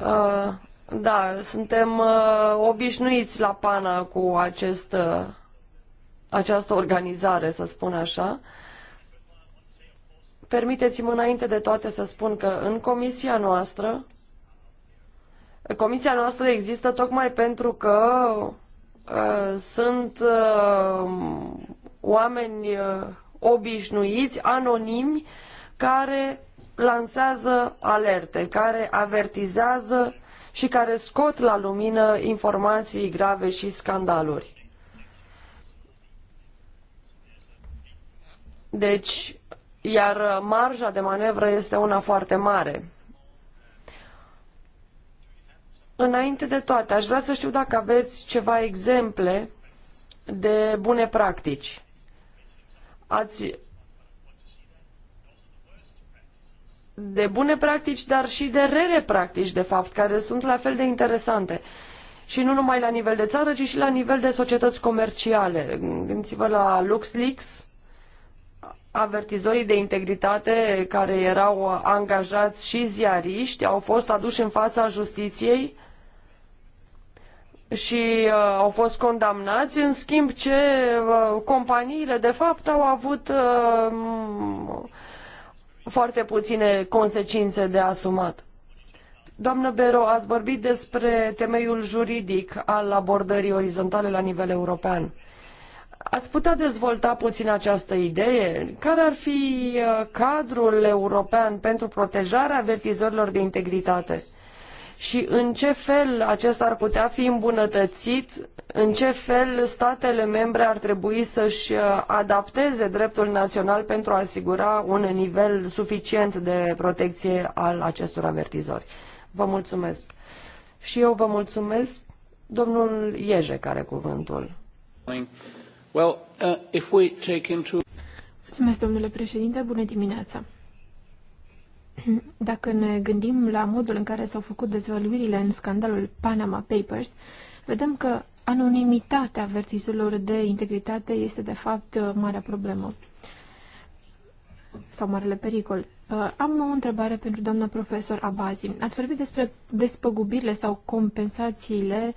Uh, da, suntem uh, obișnuiți la PANA cu acest, uh, această organizare, să spun așa. Permiteți-mi înainte de toate să spun că în comisia noastră, comisia noastră există tocmai pentru că uh, sunt uh, oameni uh, obișnuiți, anonimi, care lansează alerte care avertizează și care scot la lumină informații grave și scandaluri. Deci, iar marja de manevră este una foarte mare. Înainte de toate, aș vrea să știu dacă aveți ceva exemple de bune practici. Ați de bune practici, dar și de rele practici, de fapt, care sunt la fel de interesante. Și nu numai la nivel de țară, ci și la nivel de societăți comerciale. Gândiți-vă la LuxLeaks, avertizorii de integritate care erau angajați și ziariști au fost aduși în fața justiției și uh, au fost condamnați, în schimb ce uh, companiile de fapt au avut uh, foarte puține consecințe de asumat. Doamnă Bero, ați vorbit despre temeiul juridic al abordării orizontale la nivel european. Ați putea dezvolta puțin această idee? Care ar fi uh, cadrul european pentru protejarea avertizorilor de integritate? și în ce fel acesta ar putea fi îmbunătățit, în ce fel statele membre ar trebui să-și uh, adapteze dreptul național pentru a asigura un nivel suficient de protecție al acestor avertizori. Vă mulțumesc. Și eu vă mulțumesc. Domnul Ieje care cuvântul. Well, uh, if we take into... Mulțumesc, domnule președinte. Bună dimineața. <clears throat> Dacă ne gândim la modul în care s-au făcut dezvăluirile în scandalul Panama Papers, vedem că anonimitatea avertizurilor de integritate este de fapt marea problemă sau marele pericol. Uh, am o întrebare pentru doamna profesor Abazi. Ați vorbit despre despăgubirile sau compensațiile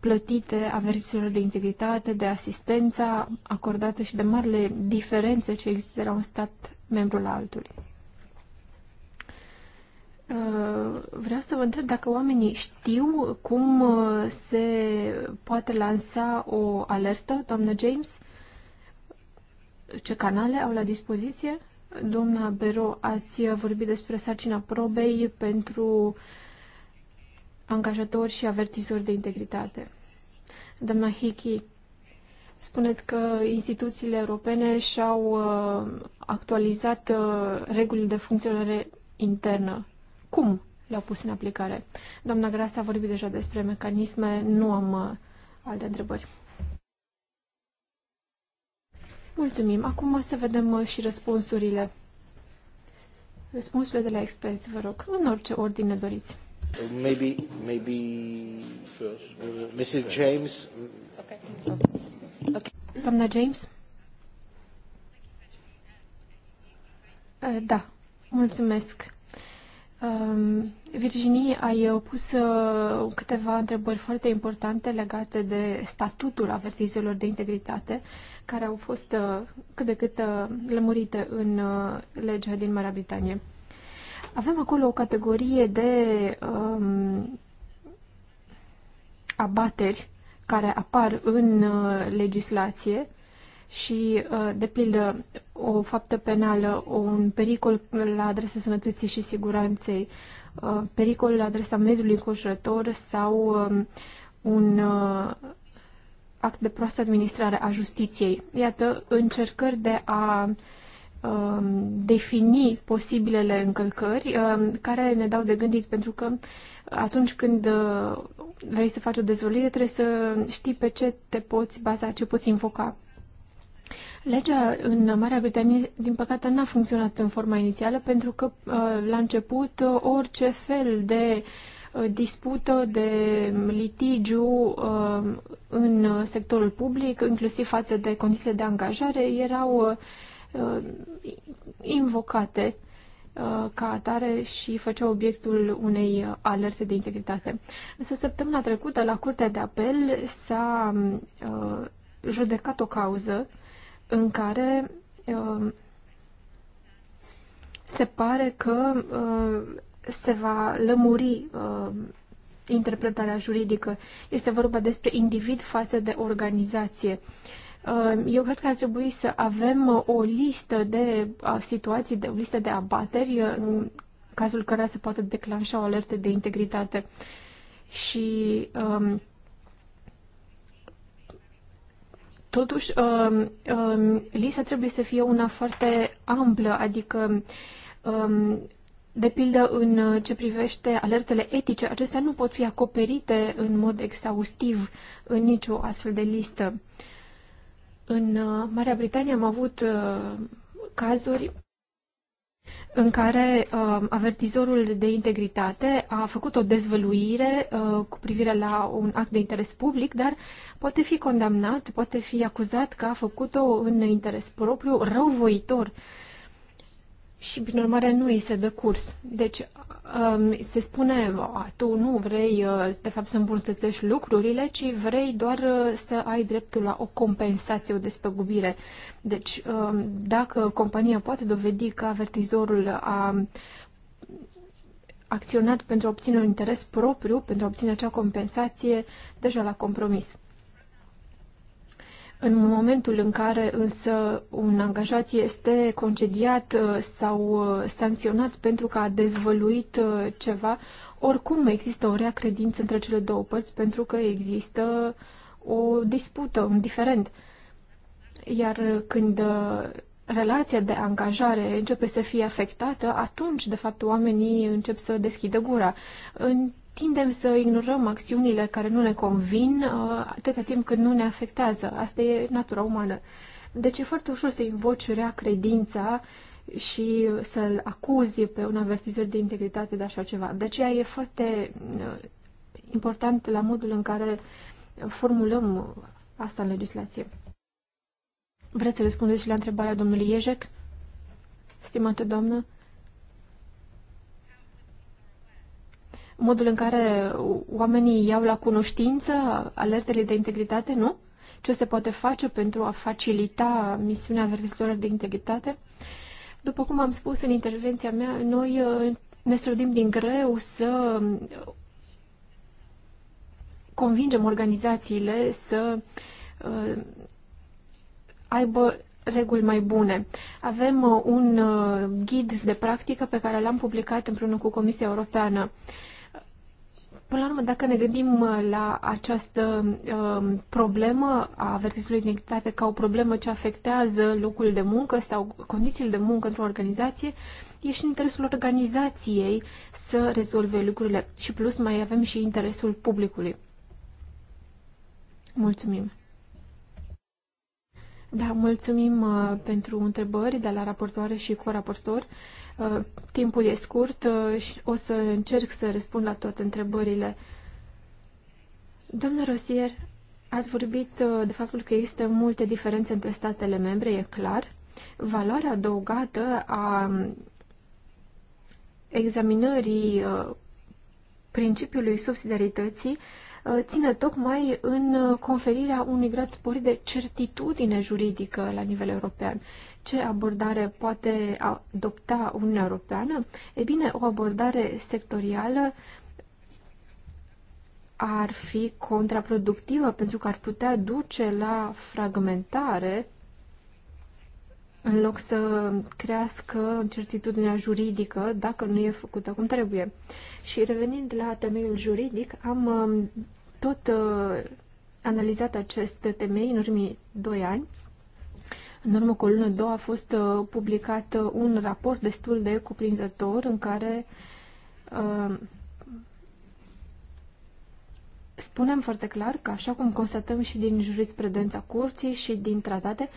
plătite avertiților de integritate, de asistența acordată și de marile diferențe ce există de la un stat membru la altul. Uh, vreau să vă întreb dacă oamenii știu cum uh, se poate lansa o alertă, doamnă James? Ce canale au la dispoziție? Doamna Bero, ați vorbit despre sarcina probei pentru angajatori și avertizori de integritate. Doamna Hickey, spuneți că instituțiile europene și-au uh, actualizat regulile de funcționare internă cum le-au pus în aplicare. Doamna Grasa a vorbit deja despre mecanisme, nu am uh, alte întrebări. Mulțumim. Acum o să vedem uh, și răspunsurile. Răspunsurile de la experți, vă rog, în orice ordine doriți. Maybe, maybe first, Mrs. James. Okay. Okay. Doamna James? Eh, da, mulțumesc. Ehm, Virginie, ai pus uh, câteva întrebări foarte importante legate de statutul avertizelor de integritate, care au fost uh, cât de cât uh, lămurite în legea din Marea Britanie. Avem acolo o categorie de um, abateri care apar în legislație și, uh, de pildă, o faptă penală, un pericol la adresa sănătății și siguranței, uh, pericol la adresa mediului înconjurător sau um, un uh, act de proastă administrare a justiției. Iată, încercări de a um, defini posibilele încălcări um, care ne dau de gândit pentru că atunci când vrei să faci o dezvăluire trebuie să știi pe ce te poți baza, ce poți invoca. Legea în Marea Britanie, din păcate, n-a funcționat în forma inițială pentru că uh, la început uh, orice fel de uh, dispută, de litigiu în sectorul public, inclusiv față de condițiile de angajare, erau invocate ca atare și făcea obiectul unei alerte de integritate. Însă săptămâna trecută la Curtea de Apel s-a judecat o cauză uh, în care um, se pare că um, se va lămuri um, interpretarea juridică. Este vorba despre individ față de organizație. Eu cred că ar trebui să avem o listă de situații, de, o listă de abateri uh, în cazul căreia se poate declanșa o alertă de integritate. Și um, Totuși, um, um, lista trebuie să fie una foarte amplă, adică, um, de pildă, în uh, ce privește alertele etice, acestea nu pot fi acoperite în mod exhaustiv în nicio astfel de listă. În uh, Marea Britanie am avut uh, cazuri în care uh, avertizorul de integritate a făcut o dezvăluire uh, cu privire la un act de interes public, dar poate fi condamnat, poate fi acuzat că a făcut-o în interes propriu, răuvoitor. Uh, și, prin urmare, nu îi se dă curs. Deci, um, se spune, tu nu vrei, uh, de fapt, să îmbunătățești lucrurile, ci vrei doar uh, să ai dreptul la o compensație, o despăgubire. Deci, um, dacă compania poate dovedi că avertizorul a acționat pentru a obține un interes propriu, pentru a obține acea compensație, deja la compromis. În momentul în care însă un angajat este concediat uh, sau uh, sancționat pentru că a dezvăluit uh, ceva, oricum există o rea credință între cele două părți pentru că există o dispută, un diferent. Iar când relația de angajare începe să fie afectată, atunci, de fapt, oamenii încep să deschidă gura. În tindem să ignorăm acțiunile care nu ne convin uh, atâta timp cât nu ne afectează. Asta e natura umană. Deci e foarte ușor să invoci rea credința și să-l acuzi pe un avertizor de integritate de așa ceva. De aceea e foarte uh, important la modul în care formulăm asta în legislație. Vreți să răspundeți și la întrebarea domnului Iejec? Stimată doamnă? modul în care oamenii iau la cunoștință alertele de integritate, nu? Ce se poate face pentru a facilita misiunea avertizorilor de integritate? După cum am spus în intervenția mea, noi uh, ne străduim din greu să convingem organizațiile să uh, aibă reguli mai bune. Avem uh, un ghid de practică pe care l-am publicat împreună cu Comisia Europeană. Până la urmă, dacă ne gândim uh, la această uh, problemă a avertisului de identitate ca o problemă ce afectează locul de muncă sau condițiile de muncă într-o organizație, e și interesul organizației să rezolve lucrurile și plus mai avem și interesul publicului. Mulțumim! Da, mulțumim uh, pentru întrebări de la raportoare și coraportori. raportor Uh, timpul e scurt uh, și o să încerc să răspund la toate întrebările. Doamna Rosier, ați vorbit uh, de faptul că există multe diferențe între statele membre, e clar. Valoarea adăugată a examinării principiului subsidiarității ține tocmai în conferirea unui grad sporit de certitudine juridică la nivel european. Ce abordare poate adopta Uniunea Europeană? E bine, o abordare sectorială ar fi contraproductivă pentru că ar putea duce la fragmentare în loc să crească certitudinea juridică dacă nu e făcută cum trebuie. Și revenind la temeiul juridic, am um, tot uh, analizat acest temei în urmii doi ani în urmă cu o lună, două, a fost uh, publicat uh, un raport destul de cuprinzător în care uh, spunem foarte clar că, așa cum constatăm și din jurisprudența curții și din tratate,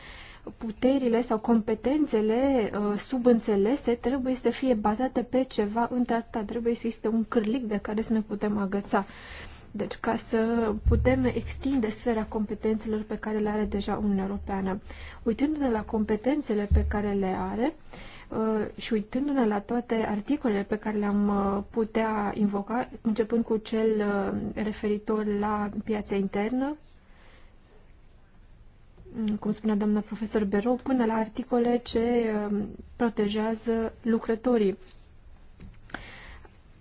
puterile sau competențele uh, subînțelese trebuie să fie bazate pe ceva în tratat, trebuie să existe un cârlic de care să ne putem agăța. Deci, ca să putem extinde sfera competențelor pe care le are deja Uniunea Europeană. Uitându-ne la competențele pe care le are uh, și uitându-ne la toate articolele pe care le-am uh, putea invoca, începând cu cel uh, referitor la piața internă, mm, cum spunea doamna profesor Berou, până la articole ce protejează lucrătorii.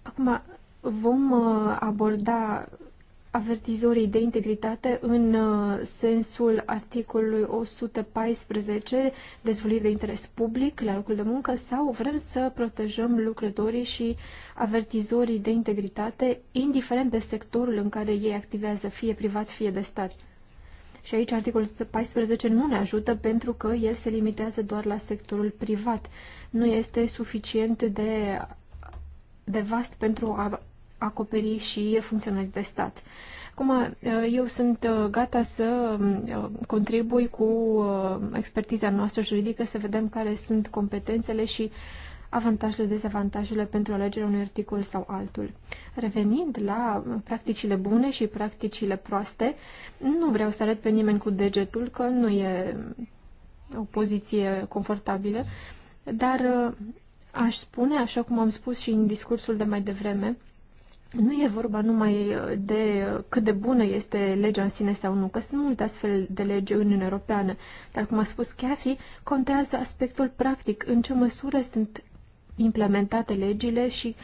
Acum, vom aborda avertizorii de integritate în uh, sensul articolului 114, dezvăluire de interes public la locul de muncă, sau vrem să protejăm lucrătorii și avertizorii de integritate, indiferent de sectorul în care ei activează, fie privat, fie de stat. Și aici articolul 14 nu ne ajută pentru că el se limitează doar la sectorul privat. Nu este suficient de, de vast pentru a acoperi și funcționari de stat. Acum, uh, eu sunt uh, gata să uh, contribui cu expertiza noastră juridică să vedem care sunt competențele și avantajele, dezavantajele pentru alegerea unui articol sau altul. Revenind la practicile bune și practicile proaste, nu vreau să arăt pe nimeni cu degetul că nu e o poziție confortabilă, dar aș spune, așa cum am spus și în discursul de mai devreme, nu e vorba numai uh, de uh, cât de bună este legea în sine sau nu, că sunt multe astfel de legi în Uniunea Europeană, dar cum a spus Cathy, contează aspectul practic, în ce măsură sunt implementate legile și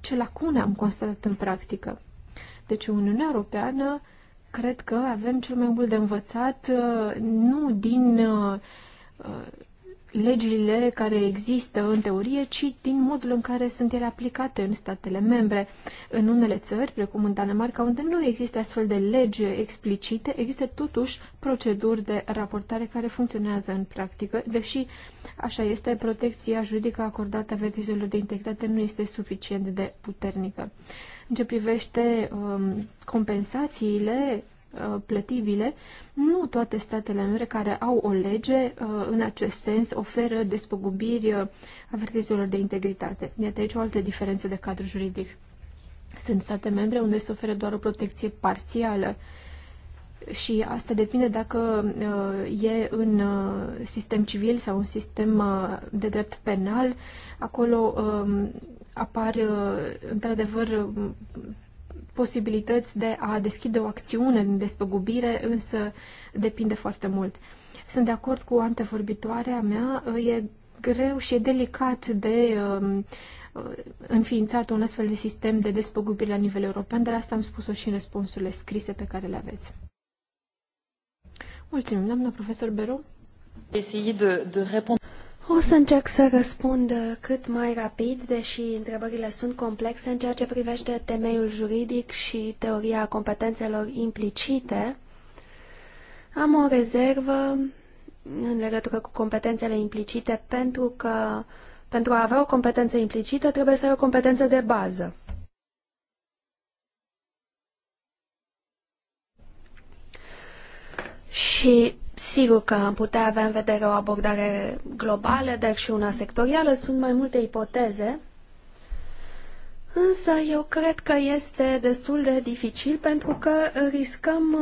ce lacune am constatat în practică. Deci Uniunea Europeană cred că avem cel mai mult de învățat uh, nu din legile care există în teorie, ci din modul în care sunt ele aplicate în statele membre. În unele țări, precum în Danemarca, unde nu există astfel de lege explicite, există totuși proceduri de raportare care funcționează în practică, deși așa este, protecția juridică acordată avertizorilor de integritate nu este suficient de puternică. În ce privește um, compensațiile, Uh, plătibile, nu toate statele membre care au o lege uh, în acest sens oferă despăgubiri uh, avertizorilor de integritate. Iată aici o altă diferență de cadru juridic. Sunt state membre unde se oferă doar o protecție parțială și asta depinde dacă e în sistem civil sau un sistem de drept penal. Acolo um, apar, într-adevăr, posibilități de a deschide o acțiune în despăgubire, însă depinde foarte mult. Sunt de acord cu antevorbitoarea mea, e greu și e delicat de um, uh, înființat un astfel de sistem de despăgubire la nivel european, dar asta am spus-o și în răspunsurile scrise pe care le aveți. Mulțumim, doamna profesor Beru. Essayer de, de répondre. O să încerc să răspund cât mai rapid, deși întrebările sunt complexe în ceea ce privește temeiul juridic și teoria competențelor implicite. Am o rezervă în legătură cu competențele implicite pentru că pentru a avea o competență implicită trebuie să ai o competență de bază. Și Sigur că am putea avea în vedere o abordare globală, dar și una sectorială. Sunt mai multe ipoteze. Însă eu cred că este destul de dificil pentru că riscăm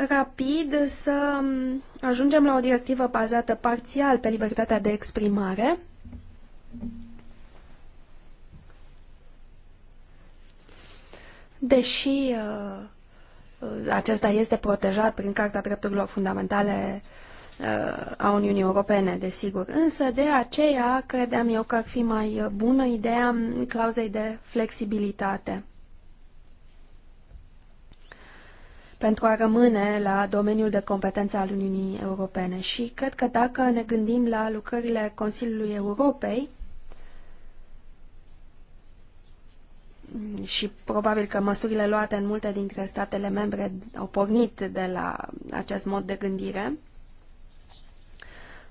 uh, rapid să um, ajungem la o directivă bazată parțial pe libertatea de exprimare. Deși uh, Uh, acesta este protejat prin Carta Drepturilor Fundamentale uh, a Uniunii Europene, desigur. Însă, de aceea, credeam eu că ar fi mai bună ideea clauzei de flexibilitate. pentru a rămâne la domeniul de competență al Uniunii Europene. Și cred că dacă ne gândim la lucrările Consiliului Europei, și probabil că măsurile luate în multe dintre statele membre au pornit de la acest mod de gândire.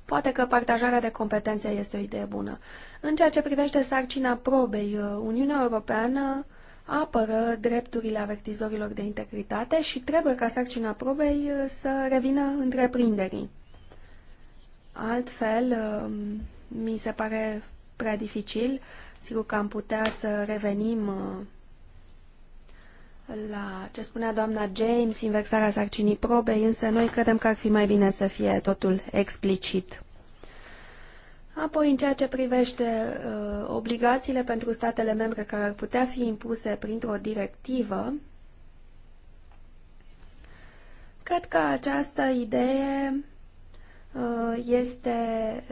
Poate că partajarea de competențe este o idee bună. În ceea ce privește sarcina probei, Uniunea Europeană apără drepturile avertizorilor de integritate și trebuie ca sarcina probei uh, să revină întreprinderii. Altfel, uh, mi se pare prea dificil Sigur că am putea să revenim uh, la ce spunea doamna James, inversarea sarcinii probei, însă noi credem că ar fi mai bine să fie totul explicit. Apoi, în ceea ce privește uh, obligațiile pentru statele membre care ar putea fi impuse printr-o directivă, cred că această idee Uh, este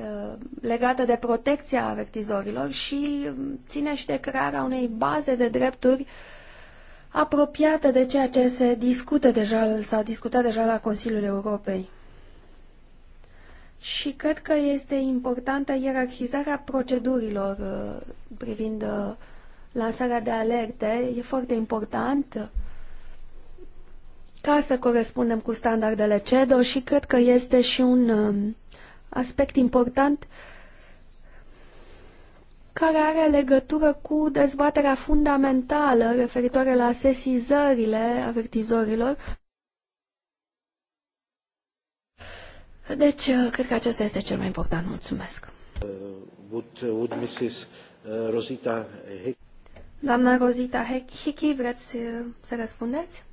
uh, legată de protecția avertizorilor și ține și de crearea unei baze de drepturi apropiate de ceea ce se discută deja, s-a discutat deja la Consiliul Europei. Și cred că este importantă ierarhizarea procedurilor uh, privind lansarea de alerte. E foarte important ca să corespundem cu standardele CEDO și cred că este și un um, aspect important care are legătură cu dezbaterea fundamentală referitoare la sesizările avertizorilor. Deci, uh, cred că acesta este cel mai important. Mulțumesc. Uh, uh, Rosita Doamna Rosita Hickey, vreți să răspundeți?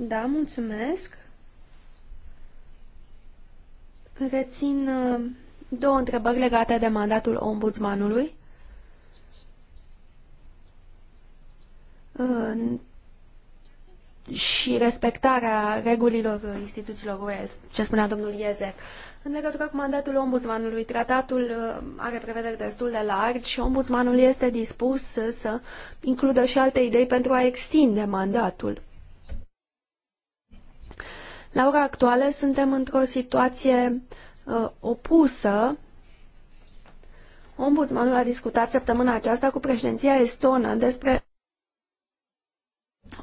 Da, mulțumesc. Rețin uh, două întrebări legate de mandatul ombudsmanului. Uh, și respectarea regulilor instituțiilor UE, ce spunea domnul Iezec. În legătură cu mandatul ombudsmanului, tratatul uh, are prevederi destul de largi și ombudsmanul este dispus să includă și alte idei pentru a extinde mandatul. La ora actuală suntem într-o situație uh, opusă. Ombudsmanul a discutat săptămâna aceasta cu președinția estonă despre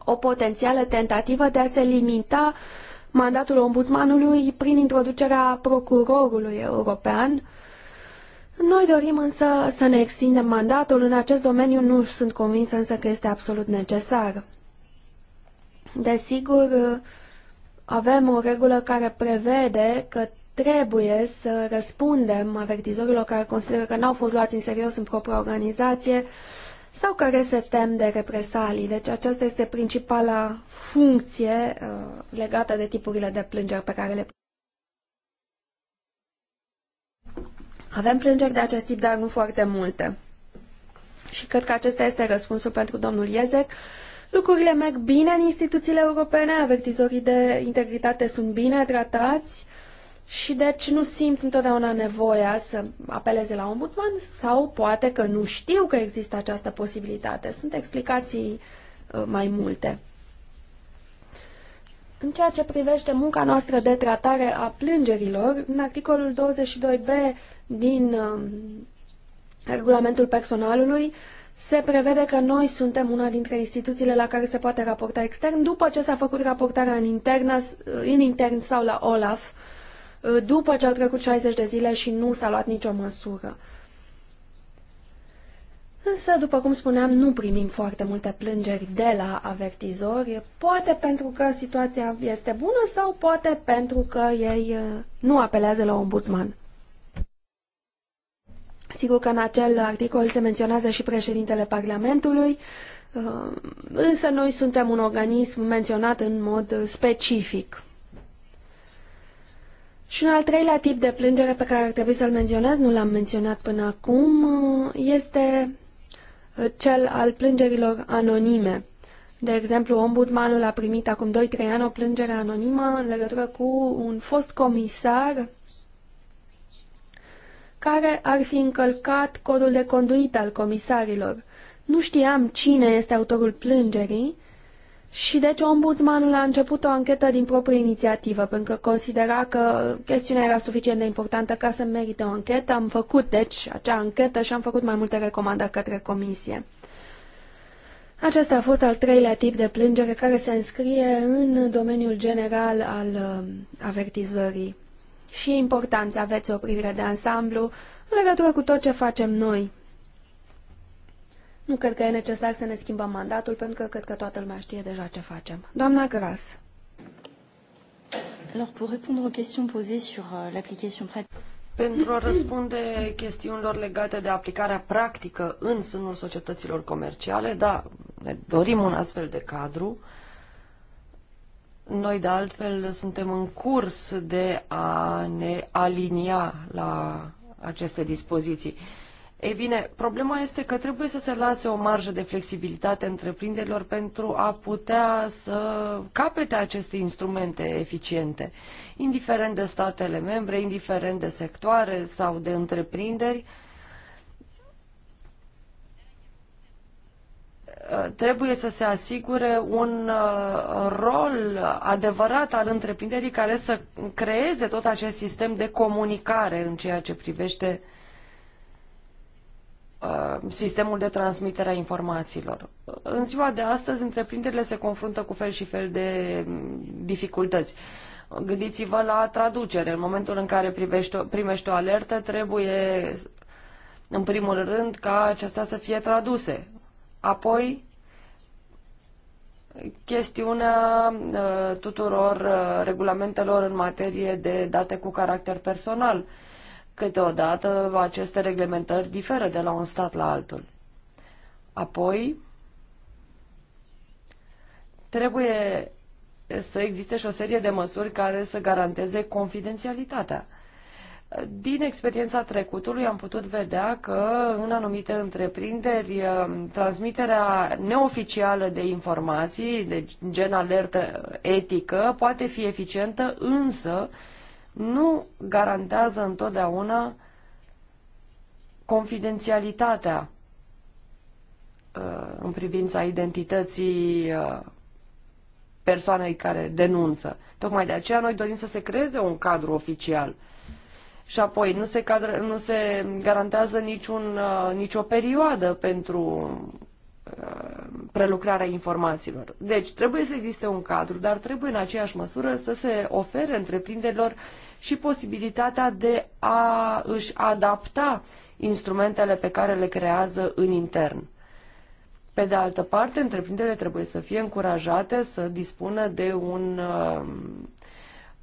o potențială tentativă de a se limita mandatul ombudsmanului prin introducerea procurorului european. Noi dorim însă să ne extindem mandatul. În acest domeniu nu sunt convins însă că este absolut necesar. Desigur, uh, avem o regulă care prevede că trebuie să răspundem avertizorilor care consideră că n-au fost luați în serios în propria organizație sau care se tem de represalii. Deci aceasta este principala funcție uh, legată de tipurile de plângeri pe care le Avem plângeri de acest tip, dar nu foarte multe. Și cred că acesta este răspunsul pentru domnul Iezec. Lucrurile merg bine în instituțiile europene, avertizorii de integritate sunt bine tratați și deci nu simt întotdeauna nevoia să apeleze la ombudsman sau poate că nu știu că există această posibilitate. Sunt explicații uh, mai multe. În ceea ce privește munca noastră de tratare a plângerilor, în articolul 22b din uh, regulamentul personalului se prevede că noi suntem una dintre instituțiile la care se poate raporta extern după ce s-a făcut raportarea în, în intern sau la OLAF, după ce au trecut 60 de zile și nu s-a luat nicio măsură. Însă, după cum spuneam, nu primim foarte multe plângeri de la avertizori, poate pentru că situația este bună sau poate pentru că ei uh, nu apelează la ombudsman. Sigur că în acel articol se menționează și președintele Parlamentului, uh, însă noi suntem un organism menționat în mod specific. Și un al treilea tip de plângere pe care ar trebui să-l menționez, nu l-am menționat până acum, uh, este uh, cel al plângerilor anonime. De exemplu, ombudsmanul a primit acum 2-3 ani o plângere anonimă în legătură cu un fost comisar care ar fi încălcat codul de conduită al comisarilor. Nu știam cine este autorul plângerii și deci ombudsmanul a început o anchetă din proprie inițiativă, pentru că considera că chestiunea era suficient de importantă ca să merite o anchetă. Am făcut, deci, acea anchetă și am făcut mai multe recomandări către comisie. Acesta a fost al treilea tip de plângere care se înscrie în domeniul general al um, avertizării și e important să aveți o privire de ansamblu în legătură cu tot ce facem noi. Nu cred că e necesar să ne schimbăm mandatul, pentru că cred că toată lumea știe deja ce facem. Doamna Gras. Alors, pour répondre aux questions posées sur euh, l'application pentru a răspunde chestiunilor legate de aplicarea practică în sânul societăților comerciale, da, ne dorim un astfel de cadru. Uh, noi, de altfel, suntem în curs de a ne alinia la aceste dispoziții. Ei bine, problema este că trebuie să se lase o marjă de flexibilitate întreprinderilor pentru a putea să capete aceste instrumente eficiente, indiferent de statele membre, indiferent de sectoare sau de întreprinderi, uh, Uh, trebuie să se asigure un uh, rol adevărat al întreprinderii care să creeze tot acest sistem de comunicare în ceea ce privește uh, sistemul de transmitere a informațiilor. În ziua de astăzi, întreprinderile se confruntă cu fel și fel de dificultăți. Gândiți-vă la traducere. În momentul în care privești, primești o alertă, trebuie, în primul rând, ca acestea să fie traduse Apoi, chestiunea uh, tuturor uh, regulamentelor în materie de date cu caracter personal. Câteodată aceste reglementări diferă de la un stat la altul. Apoi, trebuie să existe și o serie de măsuri care să garanteze confidențialitatea. Din experiența trecutului am putut vedea că în anumite întreprinderi uh, transmiterea neoficială de informații, de gen alertă etică, poate fi eficientă, însă nu garantează întotdeauna confidențialitatea uh, în privința identității uh, persoanei care denunță. Tocmai de aceea noi dorim să se creeze un cadru oficial – și apoi nu se, cadre, nu se garantează niciun, uh, nicio perioadă pentru uh, prelucrarea informațiilor. Deci trebuie să existe un cadru, dar trebuie în aceeași măsură să se ofere întreprinderilor și posibilitatea de a își adapta instrumentele pe care le creează în intern. Pe de altă parte, întreprinderile trebuie să fie încurajate să dispună de un uh,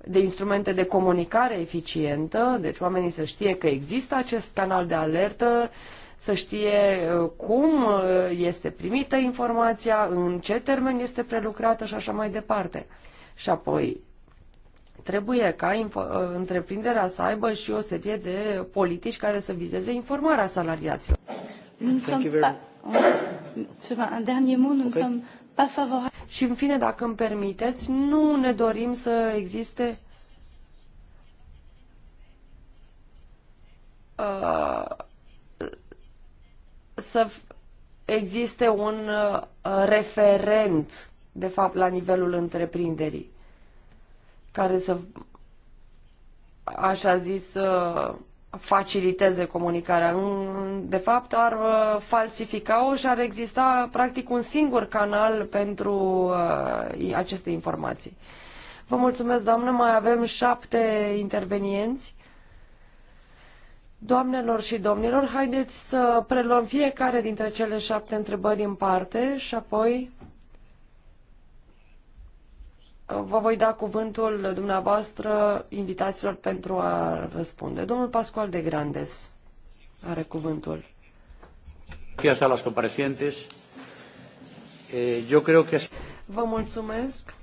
de instrumente de comunicare eficientă, deci oamenii să știe că există acest canal de alertă, să știe uh, cum uh, este primită informația, în ce termen este prelucrată și așa mai departe. Și apoi trebuie ca uh, întreprinderea să aibă și o serie de politici care să vizeze informarea salariaților. Nu sunt pas, favorabil. Și, în fine, dacă îmi permiteți, nu ne dorim să existe uh, să existe un uh, referent, de fapt, la nivelul întreprinderii, care să, așa zis, uh, faciliteze comunicarea. De fapt, ar uh, falsifica-o și ar exista practic un singur canal pentru uh, aceste informații. Vă mulțumesc, doamnă. Mai avem șapte intervenienți. Doamnelor și domnilor, haideți să preluăm fiecare dintre cele șapte întrebări în parte și apoi vă voi da cuvântul dumneavoastră invitaților pentru a răspunde. Domnul Pascual de Grandes are cuvântul. Gracias a las comparecientes. Eu cred că... Vă mulțumesc.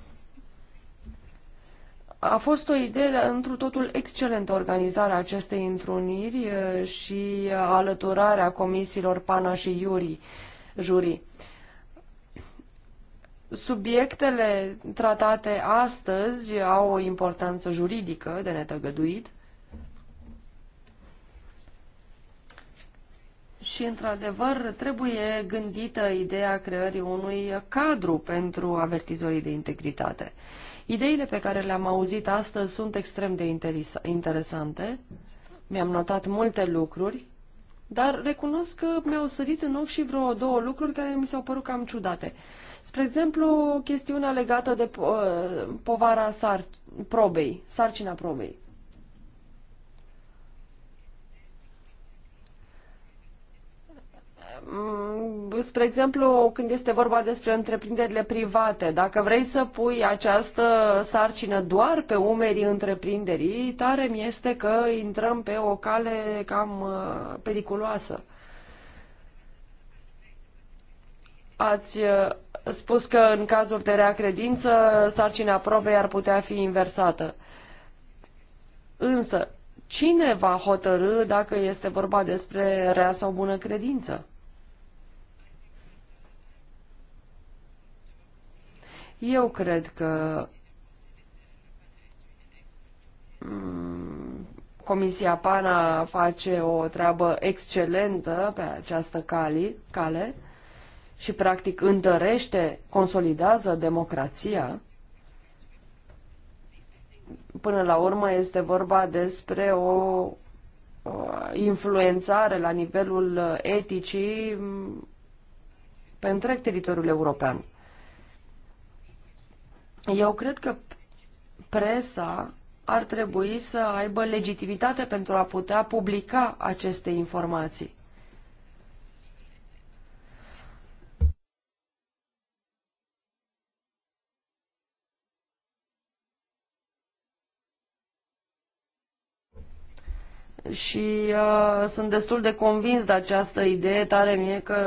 A fost o idee într- un totul excelentă organizarea acestei întruniri eh, și alăturarea comisiilor PANA și Iuri, jurii. Subiectele tratate astăzi au o importanță juridică de netăgăduit și, într-adevăr, trebuie gândită ideea creării unui cadru pentru avertizorii de integritate. Ideile pe care le-am auzit astăzi sunt extrem de interesante. Mi-am notat multe lucruri, dar recunosc că mi-au sărit în ochi și vreo două lucruri care mi s-au părut cam ciudate. Spre exemplu, chestiunea legată de uh, povara sar, probei, sarcina probei. Mm, spre exemplu, când este vorba despre întreprinderile private, dacă vrei să pui această sarcină doar pe umerii întreprinderii, tare mi este că intrăm pe o cale cam uh, periculoasă. Ați uh, spus că în cazuri de rea credință, sarcina probei ar putea fi inversată. Însă, cine va hotărâ dacă este vorba despre rea sau bună credință? Eu cred că mm, Comisia PANA face o treabă excelentă pe această cali, cale și practic întărește, consolidează democrația, până la urmă este vorba despre o influențare la nivelul eticii pe întreg teritoriul european. Eu cred că presa ar trebui să aibă legitimitate pentru a putea publica aceste informații. și uh, sunt destul de convins de această idee, tare mie că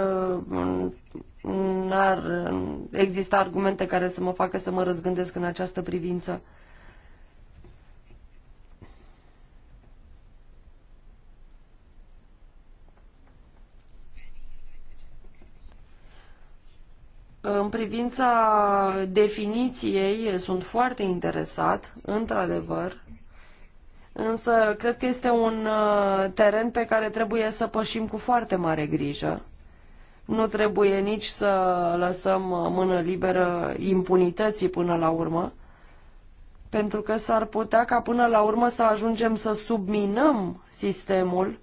n-ar exista argumente care să mă facă să mă răzgândesc în această privință. În privința definiției sunt foarte interesat, într-adevăr, însă cred că este un uh, teren pe care trebuie să pășim cu foarte mare grijă. Nu trebuie nici să lăsăm uh, mână liberă impunității până la urmă, pentru că s-ar putea ca până la urmă să ajungem să subminăm sistemul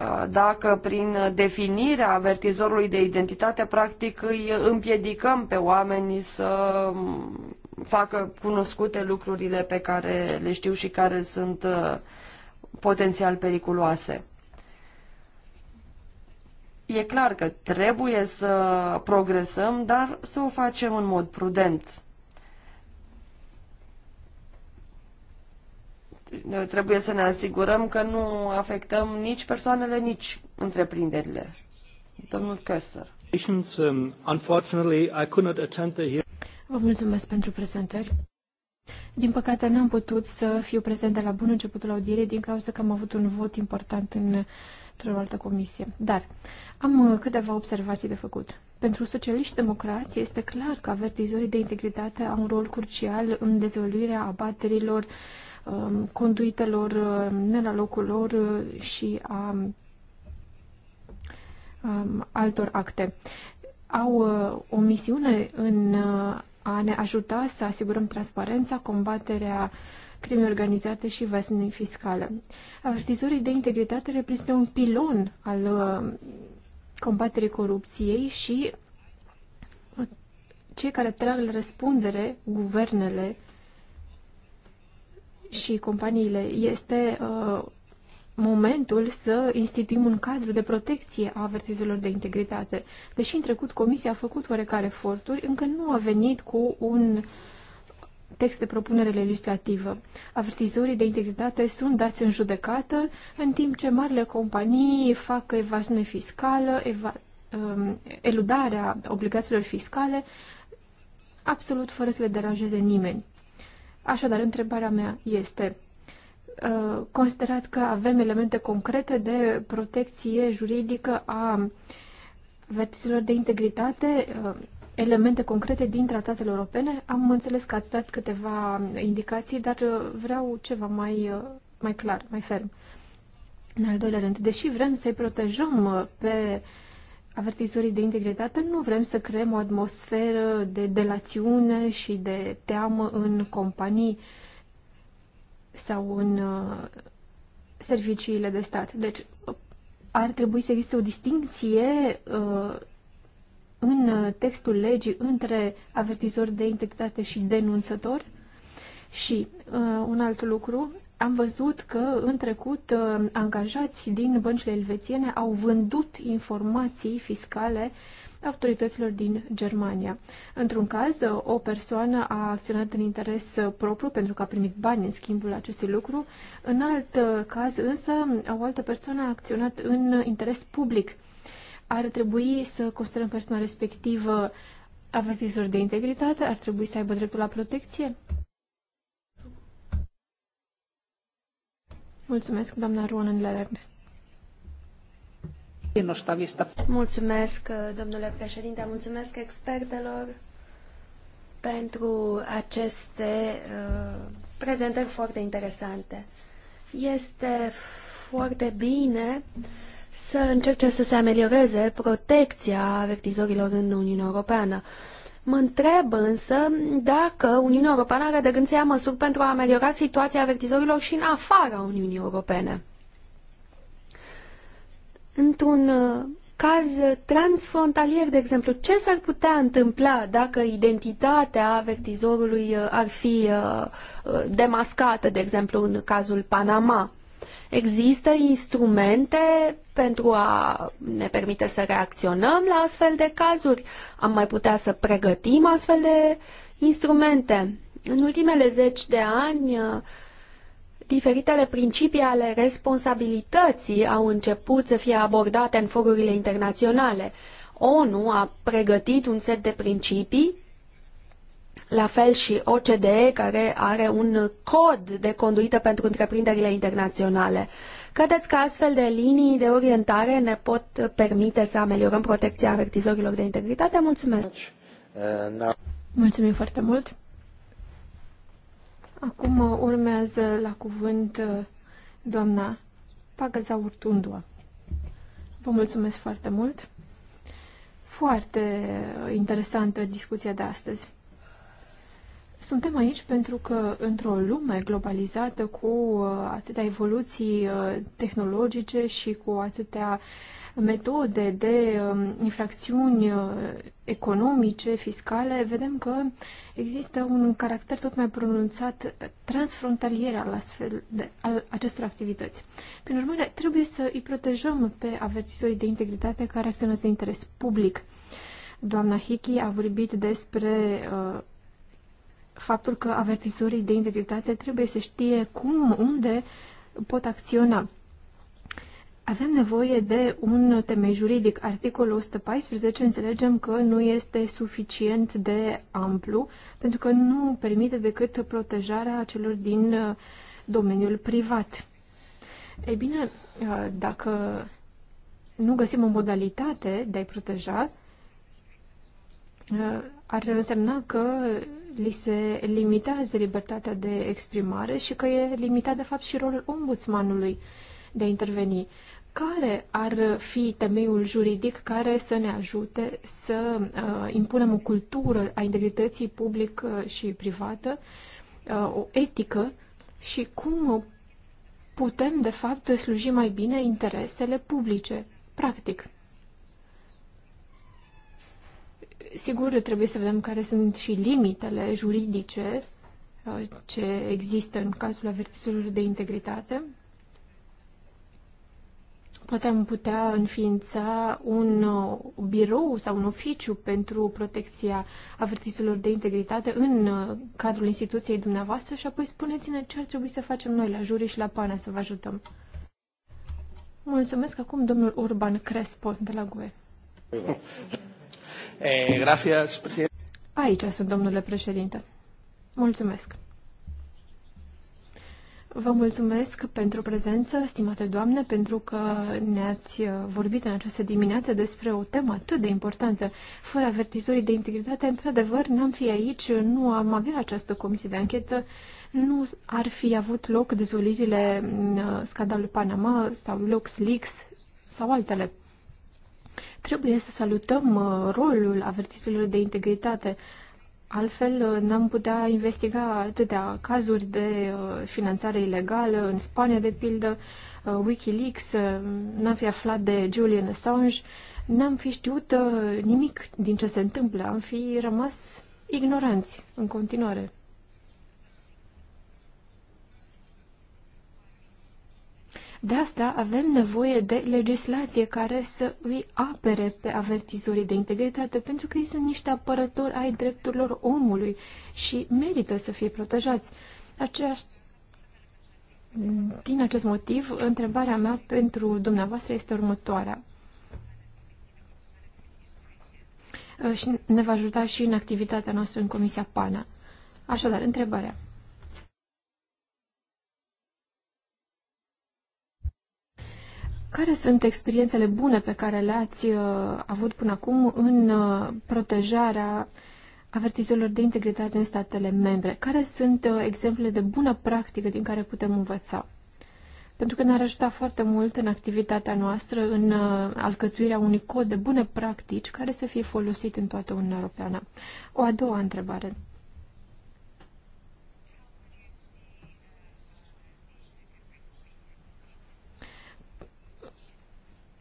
uh, dacă prin definirea avertizorului de identitate practic îi împiedicăm pe oameni să facă cunoscute lucrurile pe care le știu și care sunt uh, potențial periculoase. E clar că trebuie să progresăm, dar să o facem în mod prudent. Trebuie să ne asigurăm că nu afectăm nici persoanele, nici întreprinderile. Domnul Köster. Um, unfortunately, I could not attend the Vă mulțumesc pentru prezentări. Din păcate, n-am putut să fiu prezentă la bun începutul audierei din cauza că am avut un vot important în o altă comisie. Dar am uh, câteva observații de făcut. Pentru socialiști democrați este clar că avertizorii de integritate au un rol crucial în dezvăluirea abaterilor, um, conduitelor uh, ne la locul lor uh, și a um, altor acte. Au o misiune în a ne ajuta să asigurăm transparența, combaterea crimei organizate și evaziunii fiscale. Avertizorii de integritate reprezintă un pilon al uh, combaterii corupției și cei care trag la răspundere guvernele și companiile este uh, momentul să instituim un cadru de protecție a avertizorilor de integritate. Deși în trecut Comisia a făcut oarecare eforturi, încă nu a venit cu un text de propunere legislativă. Avertizorii de integritate sunt dați în judecată, în timp ce marile companii fac evaziune fiscală, eva, um, eludarea obligațiilor fiscale, absolut fără să le deranjeze nimeni. Așadar, întrebarea mea este, Uh, considerați că avem elemente concrete de protecție juridică a vertiților de integritate, uh, elemente concrete din tratatele europene. Am înțeles că ați dat câteva indicații, dar uh, vreau ceva mai, mai clar, mai ferm. În al doilea rând, deși vrem să-i protejăm pe avertizorii de integritate, nu vrem să creăm o atmosferă de delațiune și de teamă în companii uh, sau în uh, serviciile de stat. Deci ar trebui să existe o distinție uh, în uh, textul legii între avertizori de integritate și denunțător. Și uh, un alt lucru, am văzut că în trecut uh, angajați din băncile elvețiene au vândut informații fiscale uh, autorităților din Germania. Într-un caz, o persoană a acționat în interes propriu pentru că a primit bani în schimbul acestui lucru. În alt caz, însă, o altă persoană a acționat în interes public. Ar trebui să considerăm persoana respectivă avertizor de integritate? Ar trebui să aibă dreptul la protecție? Mulțumesc, doamna Ronan Lerner. Mulțumesc, domnule președinte, mulțumesc expertelor pentru aceste uh, prezentări foarte interesante. Este foarte bine să încerce să se amelioreze protecția avertizorilor în Uniunea Europeană. Mă întreb însă dacă Uniunea Europeană are de gând să ia măsuri pentru a ameliora situația avertizorilor și în afara Uniunii Europene într-un uh, caz transfrontalier, de exemplu, ce s-ar putea întâmpla dacă identitatea avertizorului uh, ar fi uh, demascată, de exemplu, în cazul Panama? Există instrumente pentru a ne permite să reacționăm la astfel de cazuri? Am mai putea să pregătim astfel de instrumente? În ultimele zeci de ani, diferitele principii ale responsabilității au început să fie abordate în forurile internaționale. ONU a pregătit un set de principii, la fel și OCDE, care are un cod de conduită pentru întreprinderile internaționale. Credeți că astfel de linii de orientare ne pot permite să ameliorăm protecția avertizorilor de integritate? Mulțumesc! Mulțumim foarte mult! Acum uh, urmează la cuvânt uh, doamna Pagaza Urtundua. Vă mulțumesc foarte mult. Foarte uh, interesantă discuția de astăzi. Suntem aici pentru că într-o lume globalizată cu atâtea evoluții tehnologice și cu atâtea metode de um, infracțiuni economice, fiscale, vedem că uh, există un caracter tot mai pronunțat transfrontalier al, astfel de, al acestor activități. Prin urmare, trebuie să îi protejăm pe avertizorii de integritate care acționează de interes public. Doamna Hickey a vorbit despre uh, faptul că avertizorii de integritate trebuie să știe cum, unde pot acționa. Avem nevoie de un temei juridic. Articolul 114 înțelegem că nu este suficient de amplu pentru că nu permite decât protejarea celor din uh, domeniul privat. Ei bine, uh, dacă nu găsim o modalitate de a-i proteja, uh, ar însemna că li se limitează libertatea de exprimare și că e limitat, de fapt, și rolul ombudsmanului de a interveni care ar fi temeiul juridic care să ne ajute să uh, impunem o cultură a integrității publică uh, și privată, uh, o etică și cum putem, de fapt, sluji mai bine interesele publice, practic. Sigur, trebuie să vedem care sunt și limitele juridice uh, ce există în cazul avertizorilor de integritate, Poate am putea înființa un uh, birou sau un oficiu pentru protecția avertisilor de integritate în uh, cadrul instituției dumneavoastră și apoi spuneți-ne ce ar trebui să facem noi la juri și la PANA să vă ajutăm. Mulțumesc acum domnul Urban Crespo de la GUE. Eh, Aici sunt, domnule președinte. Mulțumesc. Vă mulțumesc pentru prezență, stimate doamne, pentru că ne-ați uh, vorbit în această dimineață despre o temă atât de importantă. Fără avertizorii de integritate, într-adevăr, n-am fi aici, nu am avea această comisie de anchetă, nu ar fi avut loc dezvolirile mm, uh, scandalului Panama sau LuxLeaks sau altele. Trebuie să salutăm uh, rolul avertizorilor de integritate. Altfel, uh, n-am putea investiga atâtea cazuri de uh, finanțare ilegală în Spania, de pildă, uh, Wikileaks, n-am fi aflat de Julian Assange, n-am fi știut nimic din ce se întâmplă, am fi rămas ignoranți în continuare. De asta avem nevoie de legislație care să îi apere pe avertizorii de integritate, pentru că ei sunt niște apărători ai drepturilor omului și merită să fie protejați. Aceeași din acest motiv, întrebarea mea pentru dumneavoastră este următoarea. Ă, și ne va ajuta și în activitatea noastră în Comisia PANA. Așadar, întrebarea. Care sunt experiențele bune pe care le-ați uh, avut până acum în uh, protejarea avertizorilor de integritate în statele membre? Care sunt uh, exemple de bună practică din care putem învăța? Pentru că ne-ar ajuta foarte mult în activitatea noastră, în alcătuirea unui cod de bune practici care să fie folosit în toată Uniunea Europeană. O a doua întrebare.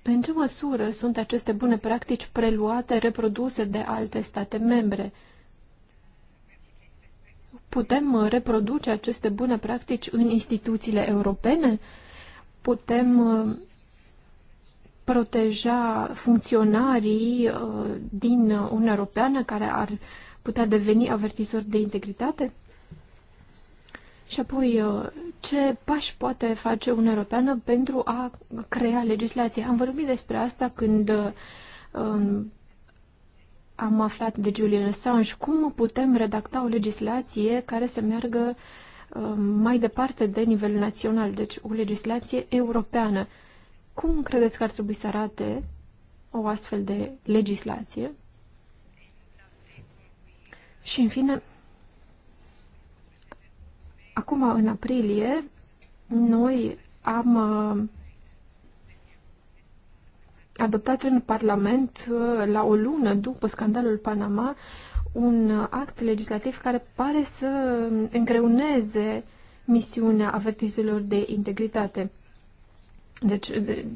În ce măsură sunt aceste bune practici preluate, reproduse de alte state membre? Putem uh, reproduce aceste bune practici în instituțiile europene? Putem uh, proteja funcționarii uh, din Uniunea Europeană care ar putea deveni avertizori de integritate? Și apoi, uh, ce pași poate face Uniunea Europeană pentru a crea legislație? Am vorbit despre asta când um, am aflat de Julian Assange. Cum putem redacta o legislație care să meargă um, mai departe de nivelul național, deci o legislație europeană? Cum credeți că ar trebui să arate o astfel de legislație? Și, în fine, Acum, în aprilie, noi am uh, adoptat în Parlament, uh, la o lună după scandalul Panama, un act legislativ care pare să uh, îngreuneze misiunea avertizorilor de integritate. Deci,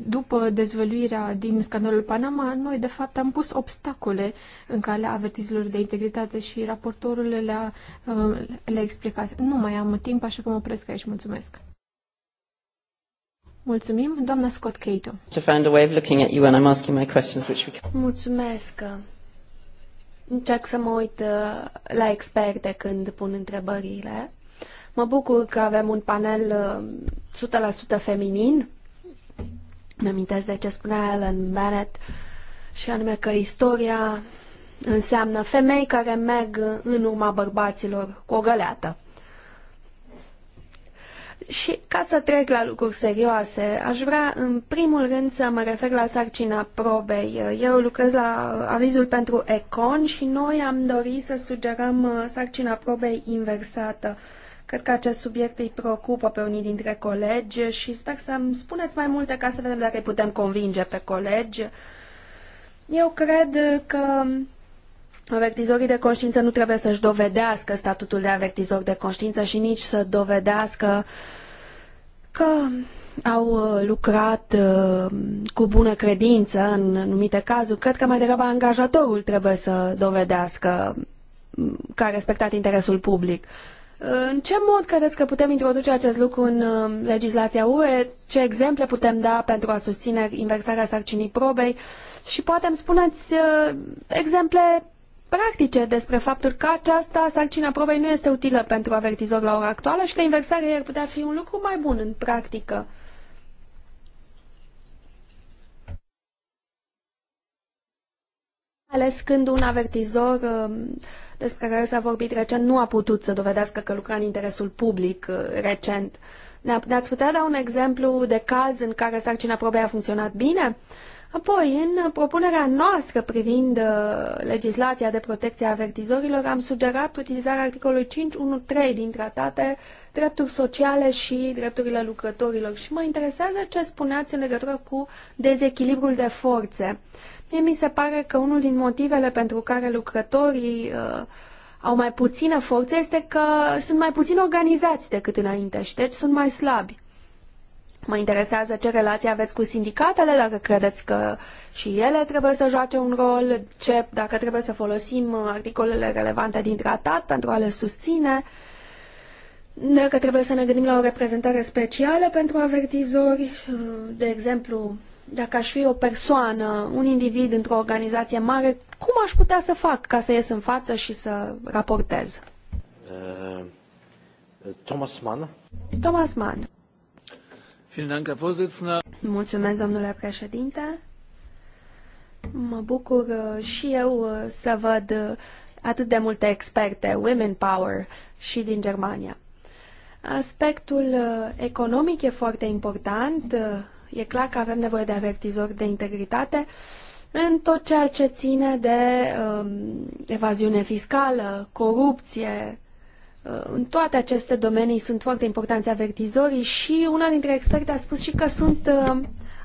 după dezvăluirea din scandalul Panama, noi, de fapt, am pus obstacole în calea avertizilor de integritate și raportorul le-a, uh, le-a explicat. Nu mai am timp, așa că mă opresc aici. Mulțumesc. Mulțumim, doamna Scott Cato. Mulțumesc. Încerc să mă uit uh, la experte când pun întrebările. Mă bucur că avem un panel uh, 100% feminin mi-amintesc de ce spunea Ellen Bennett și anume că istoria înseamnă femei care merg în urma bărbaților cu o găleată. Și ca să trec la lucruri serioase, aș vrea în primul rând să mă refer la sarcina probei. Eu lucrez la avizul pentru Econ și noi am dorit să sugerăm sarcina probei inversată. Uh, Cred că acest subiect îi preocupă pe unii dintre colegi și sper să-mi spuneți mai multe ca să vedem dacă îi putem convinge pe colegi. Eu cred că avertizorii de conștiință nu trebuie să-și dovedească statutul de avertizor de conștiință și nici să dovedească că au uh, lucrat uh, cu bună credință în anumite cazuri. Cred că mai degrabă angajatorul trebuie să dovedească că a respectat interesul public. În ce mod credeți că putem introduce acest lucru în um, legislația UE? Ce exemple putem da pentru a susține inversarea sarcinii probei? Și poate îmi spuneți uh, exemple practice despre faptul că aceasta, sarcina probei, nu este utilă pentru avertizor la ora actuală și că inversarea ar putea fi un lucru mai bun în practică. ales când un avertizor um, despre care s-a vorbit recent, nu a putut să dovedească că lucra în interesul public uh, recent. Ne-ați putea da un exemplu de caz în care sarcina probei a funcționat bine? Apoi, în propunerea noastră privind uh, legislația de protecție a avertizorilor, am sugerat utilizarea articolului 5.1.3 din tratate, drepturi sociale și drepturile lucrătorilor. Și mă interesează ce spuneați în legătură cu dezechilibrul de forțe. Mie mi se pare că unul din motivele pentru care lucrătorii uh, au mai puțină forță este că sunt mai puțin organizați decât înainte și deci sunt mai slabi. Mă interesează ce relație aveți cu sindicatele, dacă credeți că și ele trebuie să joace un rol, ce, dacă trebuie să folosim articolele relevante din tratat pentru a le susține, dacă trebuie să ne gândim la o reprezentare specială pentru avertizori, uh, de exemplu, dacă aș fi o persoană, un individ într-o organizație mare, cum aș putea să fac ca să ies în față și să raportez? Uh, Thomas Mann. Thomas Mann. Mulțumesc, domnule președinte. Mă bucur uh, și eu uh, să văd atât de multe experte, Women Power, și din Germania. Aspectul economic e foarte important. E clar că avem nevoie de avertizori de integritate în tot ceea ce ține de um, evaziune fiscală, corupție. Uh, în toate aceste domenii sunt foarte importanți avertizorii și una dintre experte a spus și că sunt uh,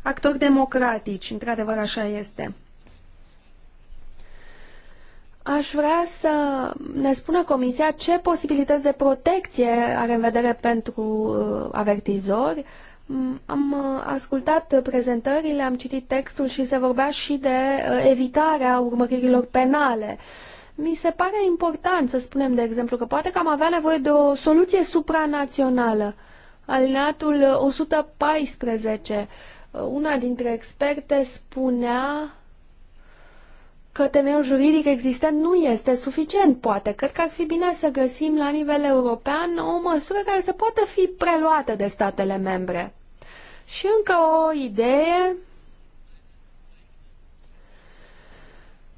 actori democratici. Într-adevăr, așa este. Aș vrea să ne spună Comisia ce posibilități de protecție are în vedere pentru uh, avertizori, Mm, am uh, ascultat prezentările, am citit textul și se vorbea și de uh, evitarea urmăririlor penale. Mi se pare important să spunem, de exemplu, că poate că am avea nevoie de o soluție supranațională. Alineatul 114, uh, una dintre experte spunea că temeiul juridic existent nu este suficient, poate. Cred că ar fi bine să găsim la nivel european o măsură care să poată fi preluată de statele membre. Și încă o idee,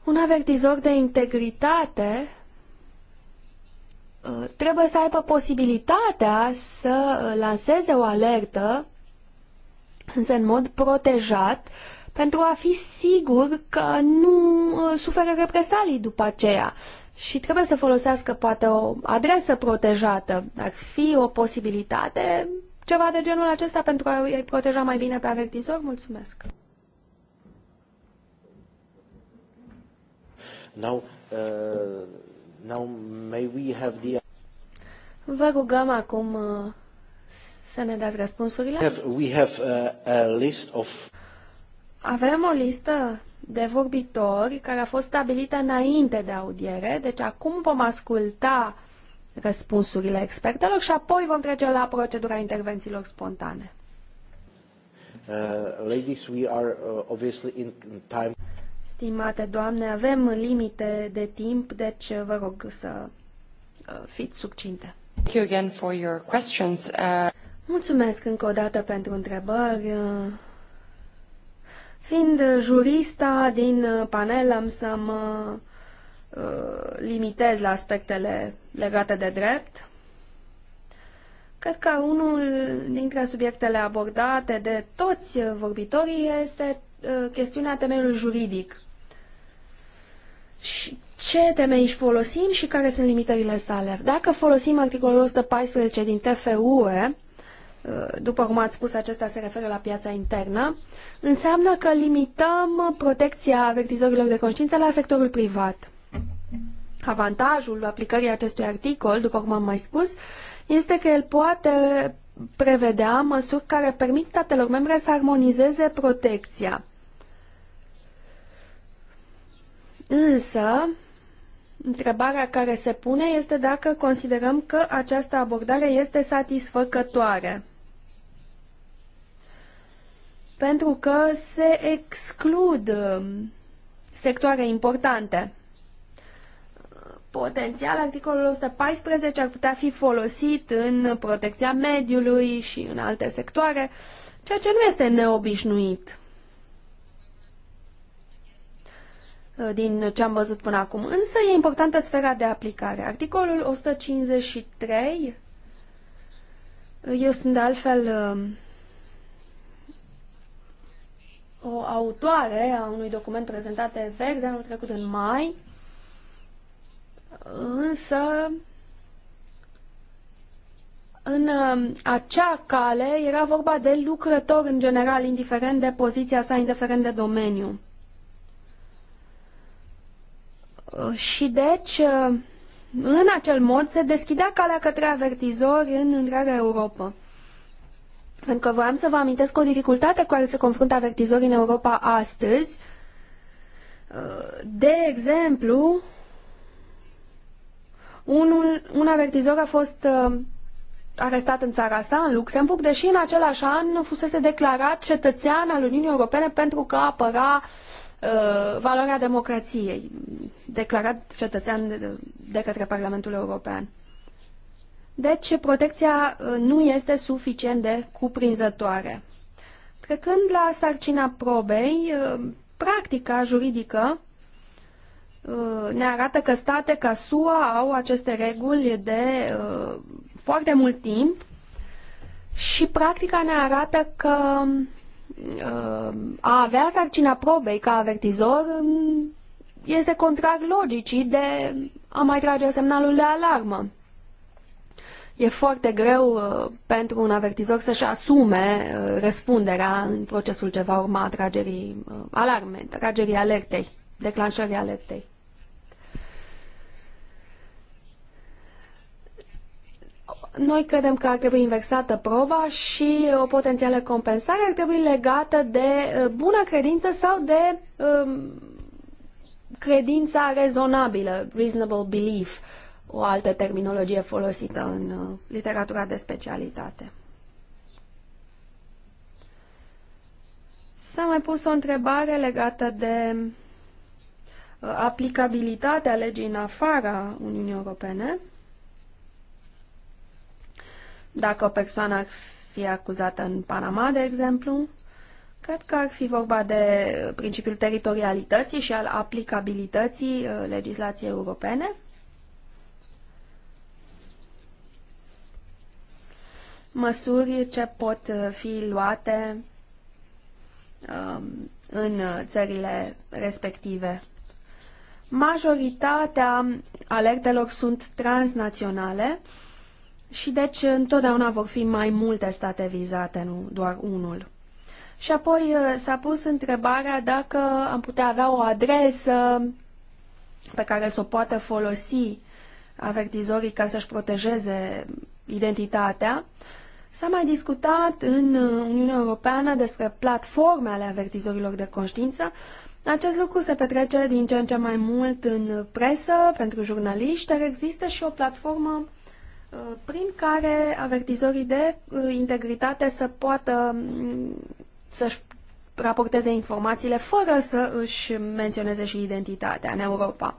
un avertizor de integritate uh, trebuie să aibă posibilitatea să lanseze o alertă, însă în mod protejat, pentru a fi sigur că nu uh, suferă represalii după aceea. Și trebuie să folosească poate o adresă protejată. Ar fi o posibilitate, ceva de genul acesta, pentru a-i proteja mai bine pe avertizor? Mulțumesc! Now, uh, now may we have the... Vă rugăm acum uh, să ne dați răspunsurile. We have, we have uh, a list of avem o listă de vorbitori care a fost stabilită înainte de audiere, deci acum vom asculta răspunsurile expertelor și apoi vom trece la procedura intervențiilor spontane. Uh, ladies, we are uh, obviously in time. Stimate doamne, avem limite de timp, deci vă rog să uh, fiți succinte. Thank you again for your questions. Uh... Mulțumesc încă o dată pentru întrebări. Uh... Fiind jurista din uh, panel, am să mă uh, limitez la aspectele legate de drept. Cred că unul dintre subiectele abordate de toți vorbitorii este uh, chestiunea temeiului juridic. Și ce temei își folosim și care sunt limitările sale. Dacă folosim articolul 114 din TFUE, Uh, după cum ați spus, acesta se referă la piața internă, înseamnă că limităm protecția avertizorilor de conștiință la sectorul privat. Avantajul aplicării acestui articol, după cum am mai spus, este că el poate prevedea măsuri care permit statelor membre să armonizeze protecția. Însă, întrebarea care se pune este dacă considerăm că această abordare este satisfăcătoare pentru că se exclud um, sectoare importante. Potențial, articolul 114 ar putea fi folosit în protecția mediului și în alte sectoare, ceea ce nu este neobișnuit din ce am văzut până acum. Însă e importantă sfera de aplicare. Articolul 153, eu sunt de altfel um, o autoare a unui document prezentat de VEX anul trecut în mai, însă în um, acea cale era vorba de lucrător în general, indiferent de poziția sa, indiferent de domeniu. Și deci, um, în acel mod, se deschidea calea către avertizori în întreaga Europa. Pentru că voiam să vă amintesc o dificultate cu care se confruntă avertizorii în Europa astăzi. De exemplu, unul, un avertizor a fost uh, arestat în țara sa, în Luxemburg, deși în același an fusese declarat cetățean al Uniunii Europene pentru că apăra uh, valoarea democrației, declarat cetățean de, de către Parlamentul European. Uh, deci, protecția uh, nu este suficient de cuprinzătoare. Trecând la sarcina probei, uh, practica juridică uh, ne arată că state ca SUA au aceste reguli de foarte mult timp și practica ne arată că a avea sarcina probei ca avertizor um, este contrar logicii de a mai trage semnalul de alarmă. E foarte greu uh, pentru un avertizor să-și asume uh, răspunderea în procesul ce va urma tragerii uh, alarme, tragerii alertei, declanșării alertei. Noi credem că ar trebui inversată prova și o potențială compensare ar trebui legată de bună credință sau de um, credința rezonabilă, reasonable belief. Uh, o altă terminologie folosită în uh, literatura de specialitate. S-a mai pus o întrebare legată de uh, aplicabilitatea legii în afara Uniunii Europene. Dacă o persoană ar fi acuzată în Panama, de exemplu, cred că ar fi vorba de principiul teritorialității și al aplicabilității uh, legislației europene. măsuri ce pot uh, fi luate um, în uh, țările respective. Majoritatea alertelor sunt transnaționale și deci întotdeauna vor fi mai multe state vizate, nu doar unul. Și apoi uh, s-a pus întrebarea dacă am putea avea o adresă pe care să o poată folosi avertizorii ca să-și protejeze identitatea S-a mai discutat în uh, Uniunea Europeană despre platforme ale avertizorilor de conștiință. Acest lucru se petrece din ce în ce mai mult în presă, pentru jurnaliști, dar există și o platformă uh, prin care avertizorii de uh, integritate să poată mm, să-și raporteze informațiile fără să își menționeze și identitatea în Europa.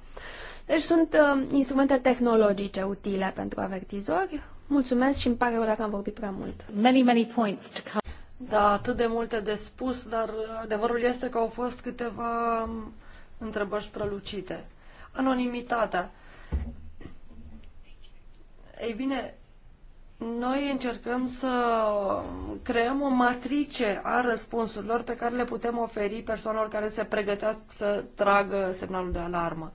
Deci sunt uh, instrumente tehnologice utile pentru avertizori, Mulțumesc și îmi pare rău dacă am vorbit prea mult. Many, many points to come. Da, atât de multe de spus, dar adevărul este că au fost câteva um, întrebări strălucite. Anonimitatea. Ei bine, noi încercăm să creăm o matrice a răspunsurilor pe care le putem oferi persoanelor care se pregătească să tragă semnalul de alarmă.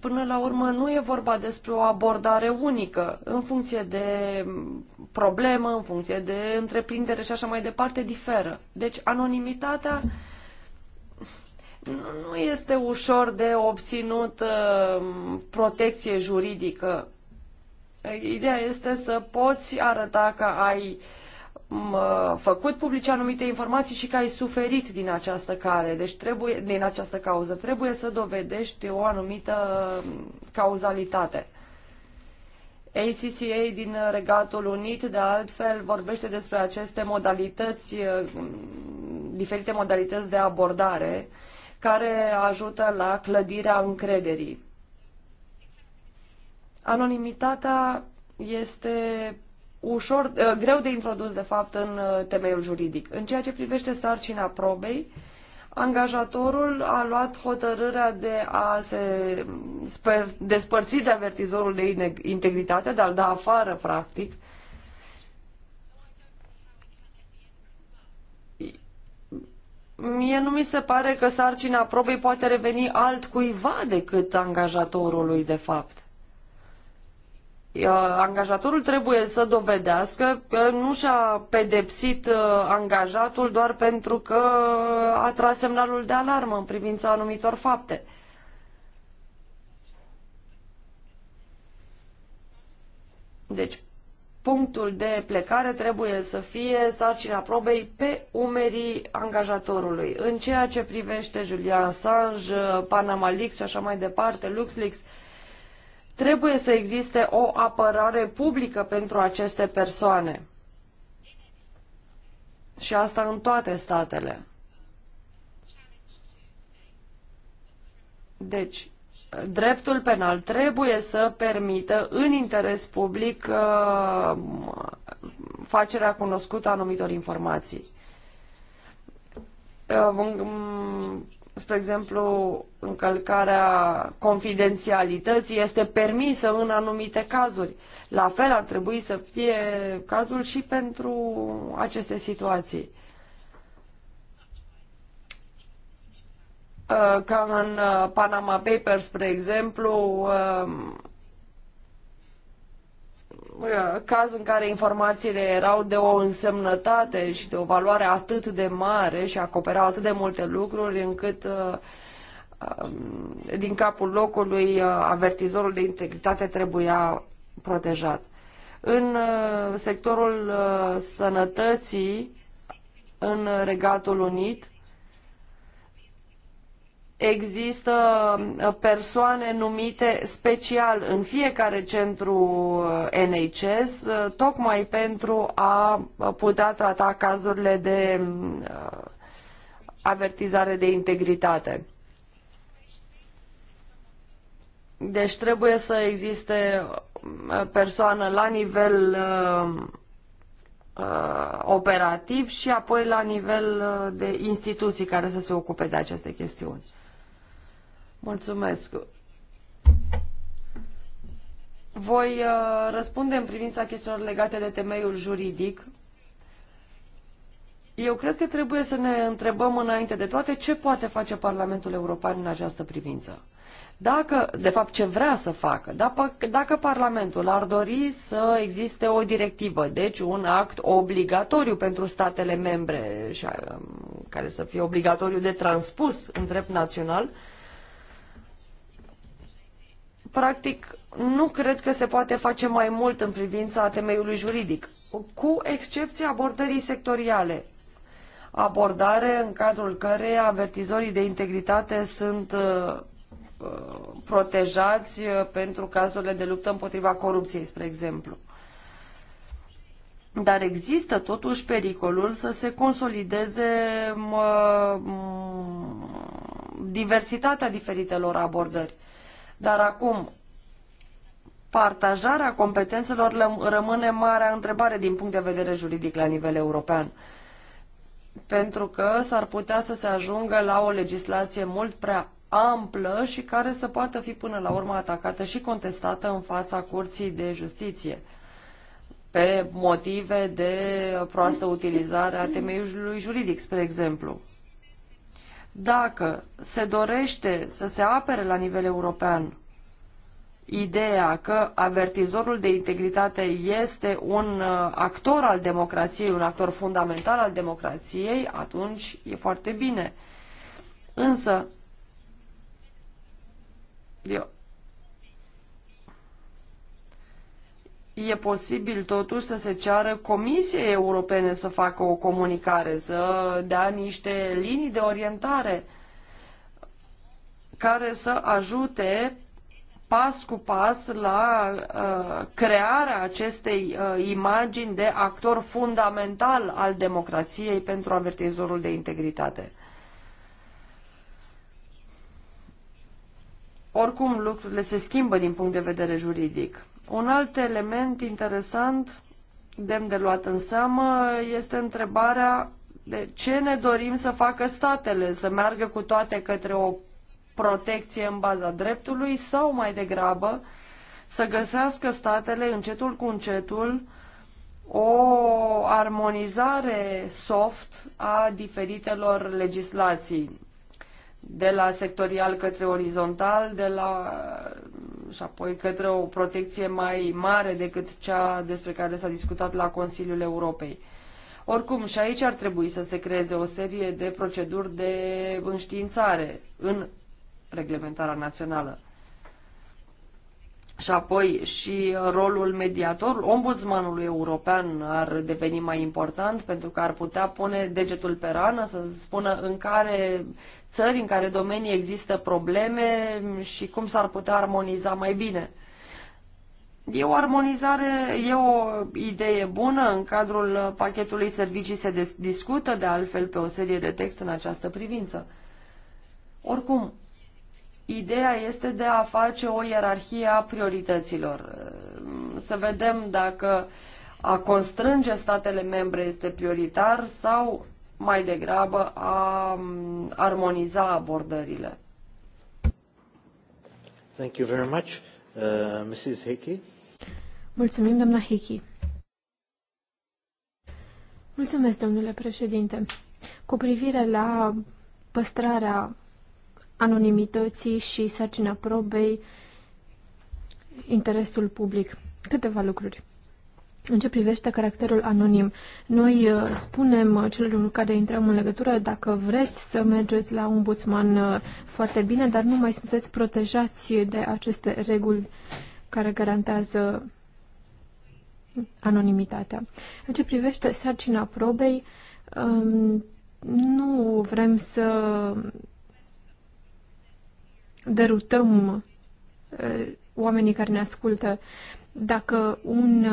Până la urmă nu e vorba despre o abordare unică în funcție de problemă, în funcție de întreprindere și așa mai departe, diferă. Deci anonimitatea nu este ușor de obținut uh, protecție juridică. Ideea este să poți arăta că ai uh, Uh, făcut publice anumite informații și că ai suferit din această cale, deci trebuie, din această cauză. Trebuie să dovedești o anumită uh, cauzalitate. ACCA din Regatul Unit, de altfel, vorbește despre aceste modalități, uh, diferite modalități de abordare, care ajută la clădirea încrederii. Anonimitatea este ușor, uh, greu de introdus, de fapt, în uh, temeiul juridic. În ceea ce privește sarcina probei, angajatorul a luat hotărârea de a se sper, despărți de avertizorul de integritate, de a da afară, practic. Mie nu mi se pare că sarcina probei poate reveni altcuiva decât angajatorului, de fapt angajatorul trebuie să dovedească că nu și-a pedepsit angajatul doar pentru că a tras semnalul de alarmă în privința anumitor fapte. Deci, punctul de plecare trebuie să fie sarcina probei pe umerii angajatorului. În ceea ce privește Julian Assange, Panama Leaks și așa mai departe, LuxLeaks, Trebuie să existe o apărare publică pentru aceste persoane. Și asta în toate statele. Deci, dreptul penal trebuie să permită în interes public uh, facerea cunoscută a anumitor informații. Uh, mm, Spre exemplu, încălcarea confidențialității este permisă în anumite cazuri. La fel ar trebui să fie cazul și pentru aceste situații. Ă, ca în uh, Panama Papers, spre exemplu, ă, Uh, caz în care informațiile erau de o însemnătate și de o valoare atât de mare și acoperau atât de multe lucruri încât uh, um, din capul locului uh, avertizorul de integritate trebuia protejat. În sectorul sănătății, în Regatul Unit, există uh, persoane numite special în fiecare centru uh, NHS, uh, tocmai pentru a putea trata cazurile de avertizare de integritate. Deci trebuie să existe persoană la nivel operativ și apoi la nivel de instituții care să se ocupe de aceste chestiuni. Mulțumesc. Voi uh, răspunde în privința chestiunilor legate de temeiul juridic. Eu cred că trebuie să ne întrebăm înainte de toate ce poate face Parlamentul European în această privință. Dacă, de fapt, ce vrea să facă, dacă, dacă Parlamentul ar dori să existe o directivă, deci un act obligatoriu pentru statele membre, um, care să fie obligatoriu de transpus în drept național, uh, practic, nu cred că se poate face mai mult în privința temeiului juridic, cu excepția abordării sectoriale. Abordare în cadrul care avertizorii de integritate sunt uh, uh protejați uh, pentru cazurile de luptă împotriva corupției, spre exemplu. Dar există totuși pericolul să se consolideze uh, diversitatea diferitelor abordări. Dar acum, partajarea competențelor rămâne marea întrebare din punct de vedere juridic la nivel european. Pentru că s-ar putea să se ajungă la o legislație mult prea amplă și care să poată fi până la urmă atacată și contestată în fața Curții de Justiție pe motive de proastă utilizare a temeiului juridic, spre exemplu. Dacă se dorește să se apere la nivel european ideea că avertizorul de integritate este un uh, actor al democrației, un actor fundamental al democrației, atunci e foarte bine. Însă, eu e posibil totuși să se ceară Comisiei Europene să facă o comunicare, să dea niște linii de orientare care să ajute pas cu pas la uh, crearea acestei uh, imagini de actor fundamental al democrației pentru avertizorul de integritate. Oricum, lucrurile se schimbă din punct de vedere juridic. Un alt element interesant, demn de luat în seamă, este întrebarea de ce ne dorim să facă statele, să meargă cu toate către o protecție în baza dreptului sau mai degrabă să găsească statele încetul cu încetul o armonizare soft a diferitelor legislații, de la sectorial către orizontal, de la și apoi către o protecție mai mare decât cea despre care s-a discutat la Consiliul Europei. Oricum, și aici ar trebui să se creeze o serie de proceduri de înștiințare în reglementarea națională și apoi și rolul mediator, ombudsmanului european ar deveni mai important pentru că ar putea pune degetul pe rană să spună în care țări, în care domenii există probleme și cum s-ar putea armoniza mai bine. E o armonizare, e o idee bună, în cadrul pachetului servicii se discută de altfel pe o serie de texte în această privință. Oricum, Ideea este de a face o ierarhie a priorităților. Să vedem dacă a constrânge statele membre este prioritar sau mai degrabă a armoniza abordările. Thank you very much. Uh, Mrs. Hickey. Mulțumim, doamna Hickey. Mulțumesc, domnule președinte. Cu privire la păstrarea anonimității și sarcina probei, interesul public. Câteva lucruri. În ce privește caracterul anonim, noi uh, spunem uh, celor care intrăm în legătură dacă vreți să mergeți la ombudsman uh, foarte bine, dar nu mai sunteți protejați de aceste reguli care garantează anonimitatea. În ce privește sarcina probei, um, nu vrem să derutăm oamenii care ne ascultă. Dacă un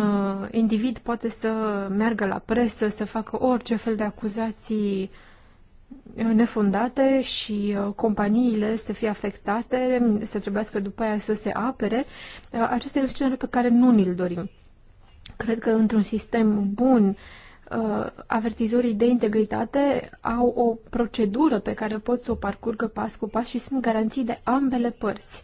individ poate să meargă la presă, să facă orice fel de acuzații nefundate și companiile să fie afectate, să trebuiască după aia să se apere, acesta este un scenariu pe care nu ni-l dorim. Cred că într-un sistem bun uh, avertizorii de integritate au o procedură pe care pot să o parcurgă pas cu pas și sunt garanții de ambele părți.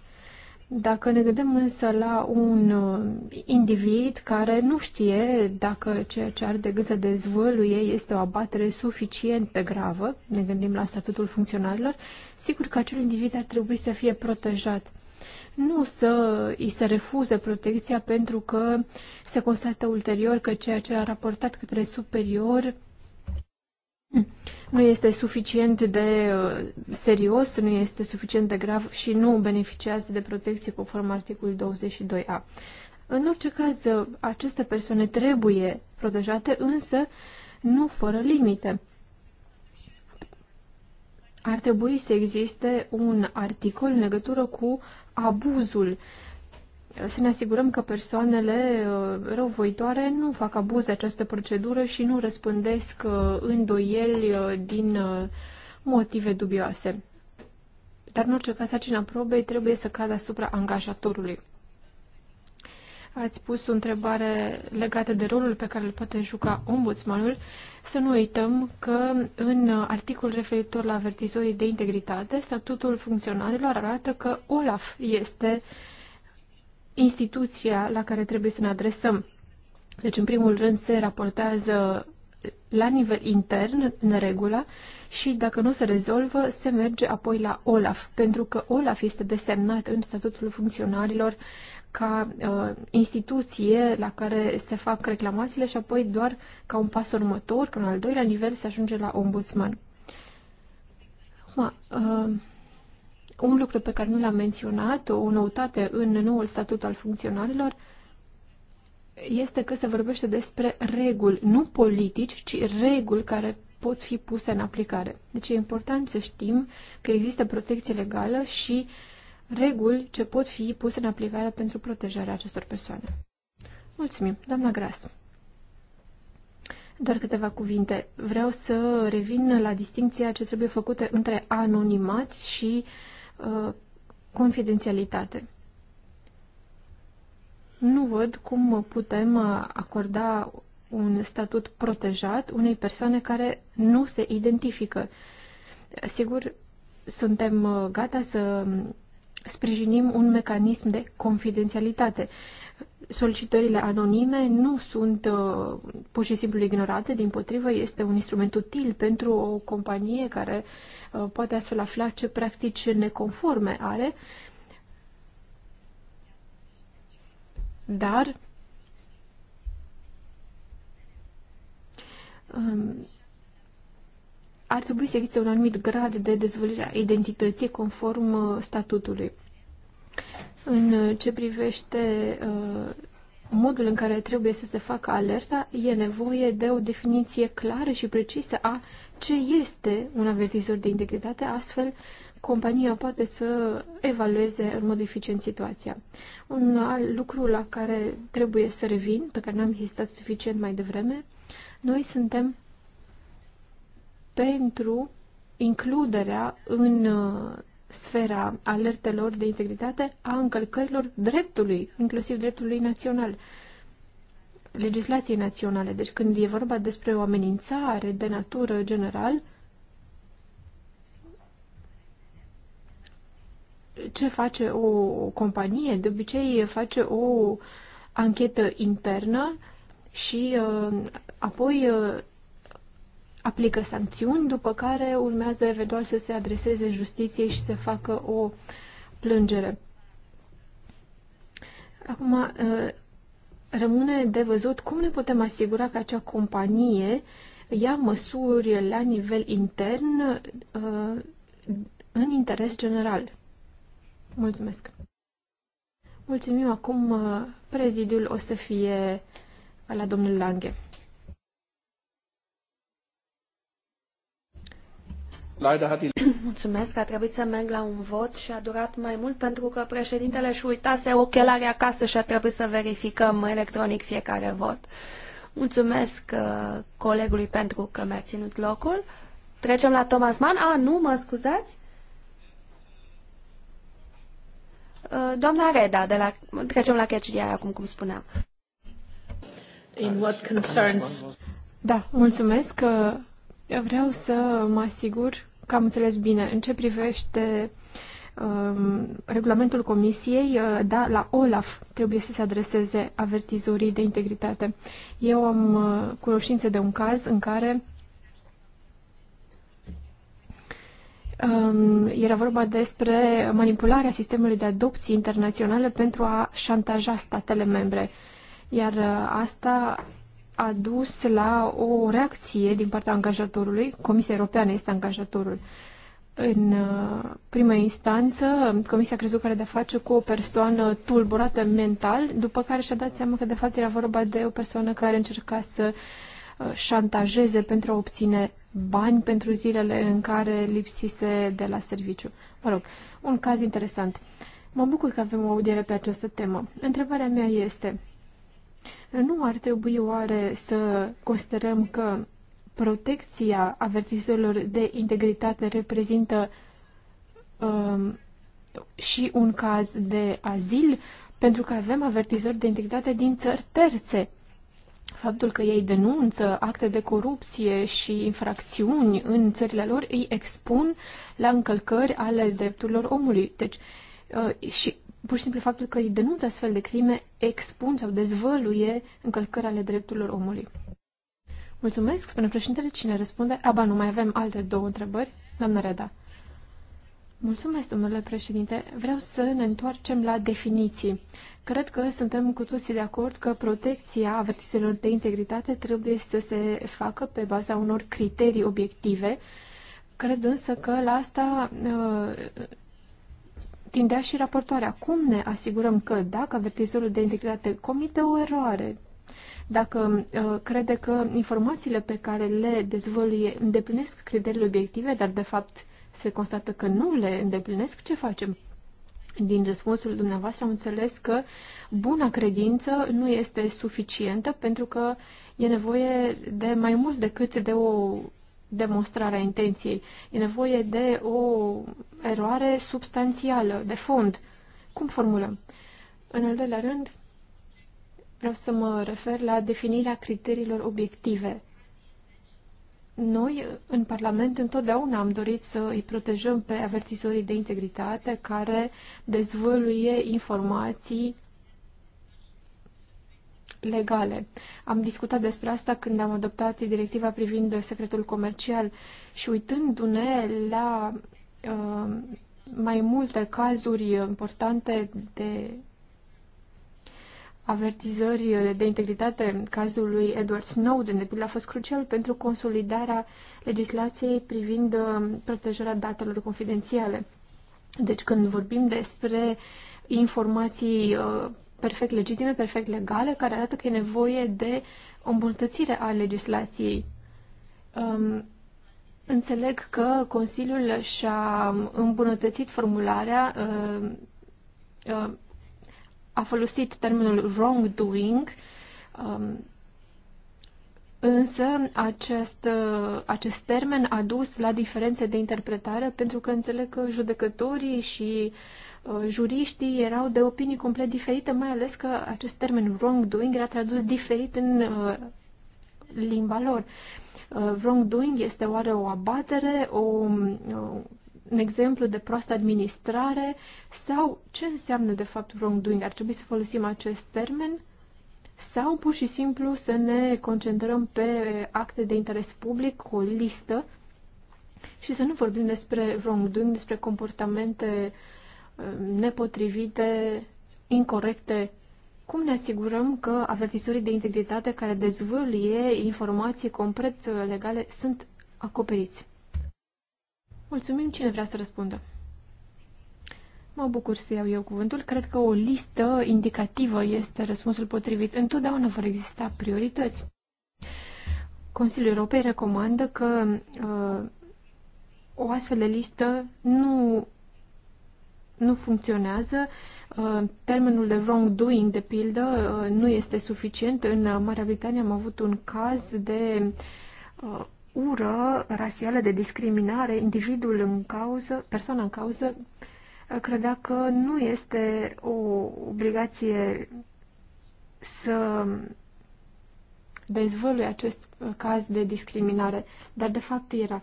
Dacă ne gândim însă la un uh, individ care nu știe dacă ceea ce are de gând să dezvăluie este o abatere suficient de gravă, ne gândim la statutul funcționarilor, sigur că acel individ ar trebui să fie protejat nu să îi se refuze protecția pentru că se constată ulterior că ceea ce a raportat către superior nu este suficient de uh, serios, nu este suficient de grav și nu beneficiază de protecție conform articolului 22a. În orice caz, uh, aceste persoane trebuie protejate, însă nu fără limite. Ar trebui să existe un articol în legătură cu abuzul, să ne asigurăm că persoanele uh, răuvoitoare nu fac abuz de această procedură și nu răspândesc uh, îndoieli uh, din motive dubioase. Dar în orice caz, acina probei trebuie să cadă asupra angajatorului. Ați pus o întrebare legată de rolul pe care îl poate juca ombudsmanul. Să nu uităm că în articol referitor la avertizorii de integritate, statutul funcționarilor arată că OLAF este instituția la care trebuie să ne adresăm. Deci, în primul rând, se raportează la nivel intern, în regulă, și dacă nu se rezolvă, se merge apoi la OLAF, pentru că OLAF este desemnat în statutul funcționarilor ca uh, instituție la care se fac reclamațiile și apoi doar ca un pas următor, ca un al doilea nivel, se ajunge la ombudsman. Ma, uh, un lucru pe care nu l-am menționat, o noutate în noul statut al funcționarilor, este că se vorbește despre reguli, nu politici, ci reguli care pot fi puse în aplicare. Deci e important să știm că există protecție legală și reguli ce pot fi puse în aplicare pentru protejarea acestor persoane. Mulțumim, doamna Gras. Doar câteva cuvinte. Vreau să revin la distinția ce trebuie făcută între anonimat și uh, confidențialitate. Nu văd cum putem uh, acorda un statut protejat unei persoane care nu se identifică. Sigur, suntem uh, gata să sprijinim un mecanism de confidențialitate. Solicitările anonime nu sunt uh, pur și simplu ignorate, din potrivă este un instrument util pentru o companie care uh, poate astfel afla ce practici neconforme are, dar um, ar trebui să existe un anumit grad de dezvăluire a identității conform uh, statutului. În uh, ce privește uh, modul în care trebuie să se facă alerta, e nevoie de o definiție clară și precisă a ce este un avertizor de integritate, astfel compania poate să evalueze în mod eficient situația. Un alt lucru la care trebuie să revin, pe care n-am insistat suficient mai devreme, noi suntem pentru includerea în uh, sfera alertelor de integritate a încălcărilor dreptului, inclusiv dreptului național, legislației naționale. Deci când e vorba despre o amenințare de natură general, ce face o companie? De obicei face o anchetă internă și uh, apoi uh, aplică sancțiuni, după care urmează eventual să se adreseze justiției și să facă o plângere. Acum, uh, rămâne de văzut cum ne putem asigura că acea companie ia măsuri la nivel intern uh, în interes general. Mulțumesc! Mulțumim acum, prezidiul o să fie la domnul Lange. Mulțumesc, a trebuit să merg la un vot și a durat mai mult pentru că președintele și uitase ochelarii acasă și a trebuit să verificăm electronic fiecare vot. Mulțumesc uh, colegului pentru că mi-a ținut locul. Trecem la Thomas Mann. A, nu, mă scuzați? Uh, doamna Reda, de la, trecem la CHDI acum, cum spuneam. In what concerns... Da, mulțumesc. Uh, eu vreau să mă asigur că am înțeles bine. În ce privește um, regulamentul comisiei, uh, da, la OLAF trebuie să se adreseze avertizorii de integritate. Eu am uh, cunoștință de un caz în care um, era vorba despre manipularea sistemului de adopții internaționale pentru a șantaja statele membre. Iar uh, asta a dus la o reacție din partea angajatorului. Comisia Europeană este angajatorul. În uh, prima instanță, Comisia a crezut că are de-a face cu o persoană tulburată mental, după care și-a dat seama că de fapt era vorba de o persoană care încerca să uh, șantajeze pentru a obține bani pentru zilele în care lipsise de la serviciu. Mă rog, un caz interesant. Mă bucur că avem o audiere pe această temă. Întrebarea mea este, nu ar trebui oare să considerăm că protecția avertizorilor de integritate reprezintă um, și un caz de azil, pentru că avem avertizori de integritate din țări terțe. Faptul că ei denunță acte de corupție și infracțiuni în țările lor îi expun la încălcări ale drepturilor omului. Deci, uh, și pur și simplu faptul că îi denunță astfel de crime expun sau dezvăluie încălcări ale drepturilor omului. Mulțumesc, spune președintele. Cine răspunde? Aba, nu mai avem alte două întrebări. Doamna Reda. Mulțumesc, domnule președinte. Vreau să ne întoarcem la definiții. Cred că suntem cu toții de acord că protecția avertiselor de integritate trebuie să se facă pe baza unor criterii obiective. Cred însă că la asta uh, extindea și raportoarea. Cum ne asigurăm că dacă avertizorul de integritate comite o eroare, dacă uh, crede că informațiile pe care le dezvăluie îndeplinesc criteriile obiective, dar de fapt se constată că nu le îndeplinesc, ce facem? Din răspunsul dumneavoastră am înțeles că buna credință nu este suficientă pentru că e nevoie de mai mult decât de o demonstrarea intenției. E nevoie de o eroare substanțială, de fond. Cum formulăm? În al doilea rând, vreau să mă refer la definirea criteriilor obiective. Noi, în Parlament, întotdeauna am dorit să îi protejăm pe avertizorii de integritate care dezvăluie informații legale. Am discutat despre asta când am adoptat directiva privind secretul comercial și uitându-ne la uh, mai multe cazuri importante de avertizări de integritate cazul lui Edward Snowden, de pildă, a fost crucial pentru consolidarea legislației privind uh, protejarea datelor confidențiale. Deci când vorbim despre informații uh, perfect legitime, perfect legale, care arată că e nevoie de o îmbunătățire a legislației. Um, înțeleg că Consiliul și-a îmbunătățit formularea, uh, uh, a folosit termenul wrongdoing, um, Însă acest, uh, acest termen a dus la diferențe de interpretare pentru că înțeleg că judecătorii și Uh, juriștii erau de opinii complet diferite, mai ales că acest termen wrongdoing era tradus diferit în uh, limba lor. Uh, wrongdoing este oare o abatere, o, un exemplu de proastă administrare sau ce înseamnă de fapt wrongdoing? Ar trebui să folosim acest termen sau pur și simplu să ne concentrăm pe acte de interes public, o listă și să nu vorbim despre wrongdoing, despre comportamente uh, nepotrivite, incorrecte. Cum ne asigurăm că avertisorii de integritate care dezvăluie informații complet legale sunt acoperiți? Mulțumim, cine vrea să răspundă? Mă bucur să iau eu cuvântul. Cred că o listă indicativă este răspunsul potrivit. Întotdeauna vor exista priorități. Consiliul Europei recomandă că uh, o astfel de listă nu nu funcționează. Uh, termenul de wrongdoing, de pildă, uh, nu este suficient. În Marea Britanie am avut un caz de uh, ură rasială, de discriminare. Individul în cauză, persoana în cauză, credea că nu este o obligație să dezvăluie acest caz de discriminare, dar de fapt era. Uh,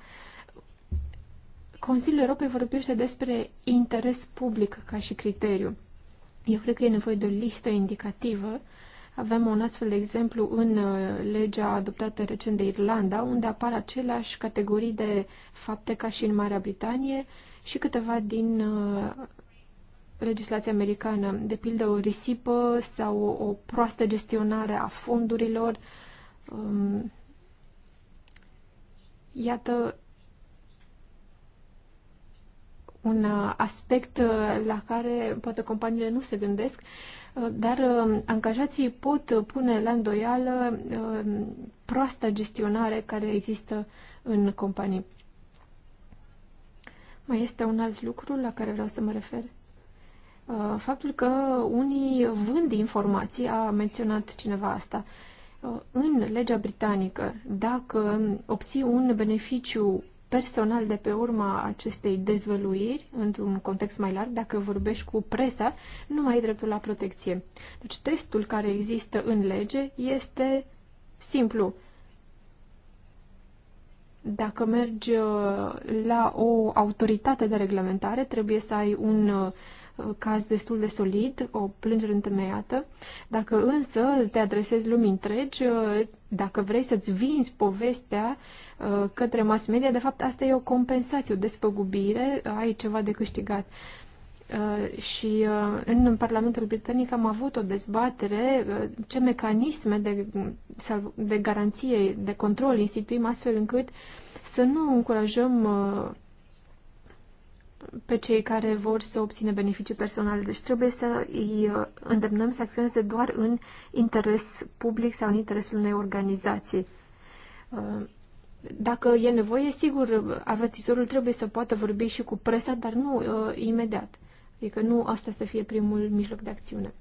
Consiliul Europei vorbește despre interes public ca și criteriu. Eu cred că e nevoie de o listă indicativă. Avem un astfel de exemplu în uh, legea adoptată recent de Irlanda, unde apar aceleași categorii de fapte ca și în Marea Britanie și câteva din uh, legislația americană, de pildă o risipă sau o proastă gestionare a fondurilor. Um, iată, un uh, aspect uh, la care poate companiile nu se gândesc, uh, dar angajații pot pune la îndoială proasta gestionare care există în companii. Mai este un alt lucru la care vreau să mă refer. Faptul că unii vând informații, a menționat cineva asta, în legea britanică, dacă obții un beneficiu personal de pe urma acestei dezvăluiri, într-un context mai larg, dacă vorbești cu presa, nu mai ai dreptul la protecție. Deci testul care există în lege este simplu. Dacă mergi uh, la o autoritate de reglementare, trebuie să ai un uh, caz destul de solid, o plângere întemeiată. Dacă însă te adresezi lumii întregi, uh, dacă vrei să-ți vinzi povestea Uh, către mass media, de fapt asta e o compensație, o despăgubire, ai ceva de câștigat. Uh, și uh, în Parlamentul Britanic am avut o dezbatere ce mecanisme de, de garanție, de control instituim astfel încât să nu încurajăm pe cei care vor să obțină beneficii personale. Deci trebuie să îi îndemnăm să acționeze doar în interes public sau în interesul unei organizații. Dacă e nevoie, sigur, avertizorul trebuie să poată vorbi și cu presa, dar nu uh, imediat. Adică nu asta să fie primul mijloc de acțiune.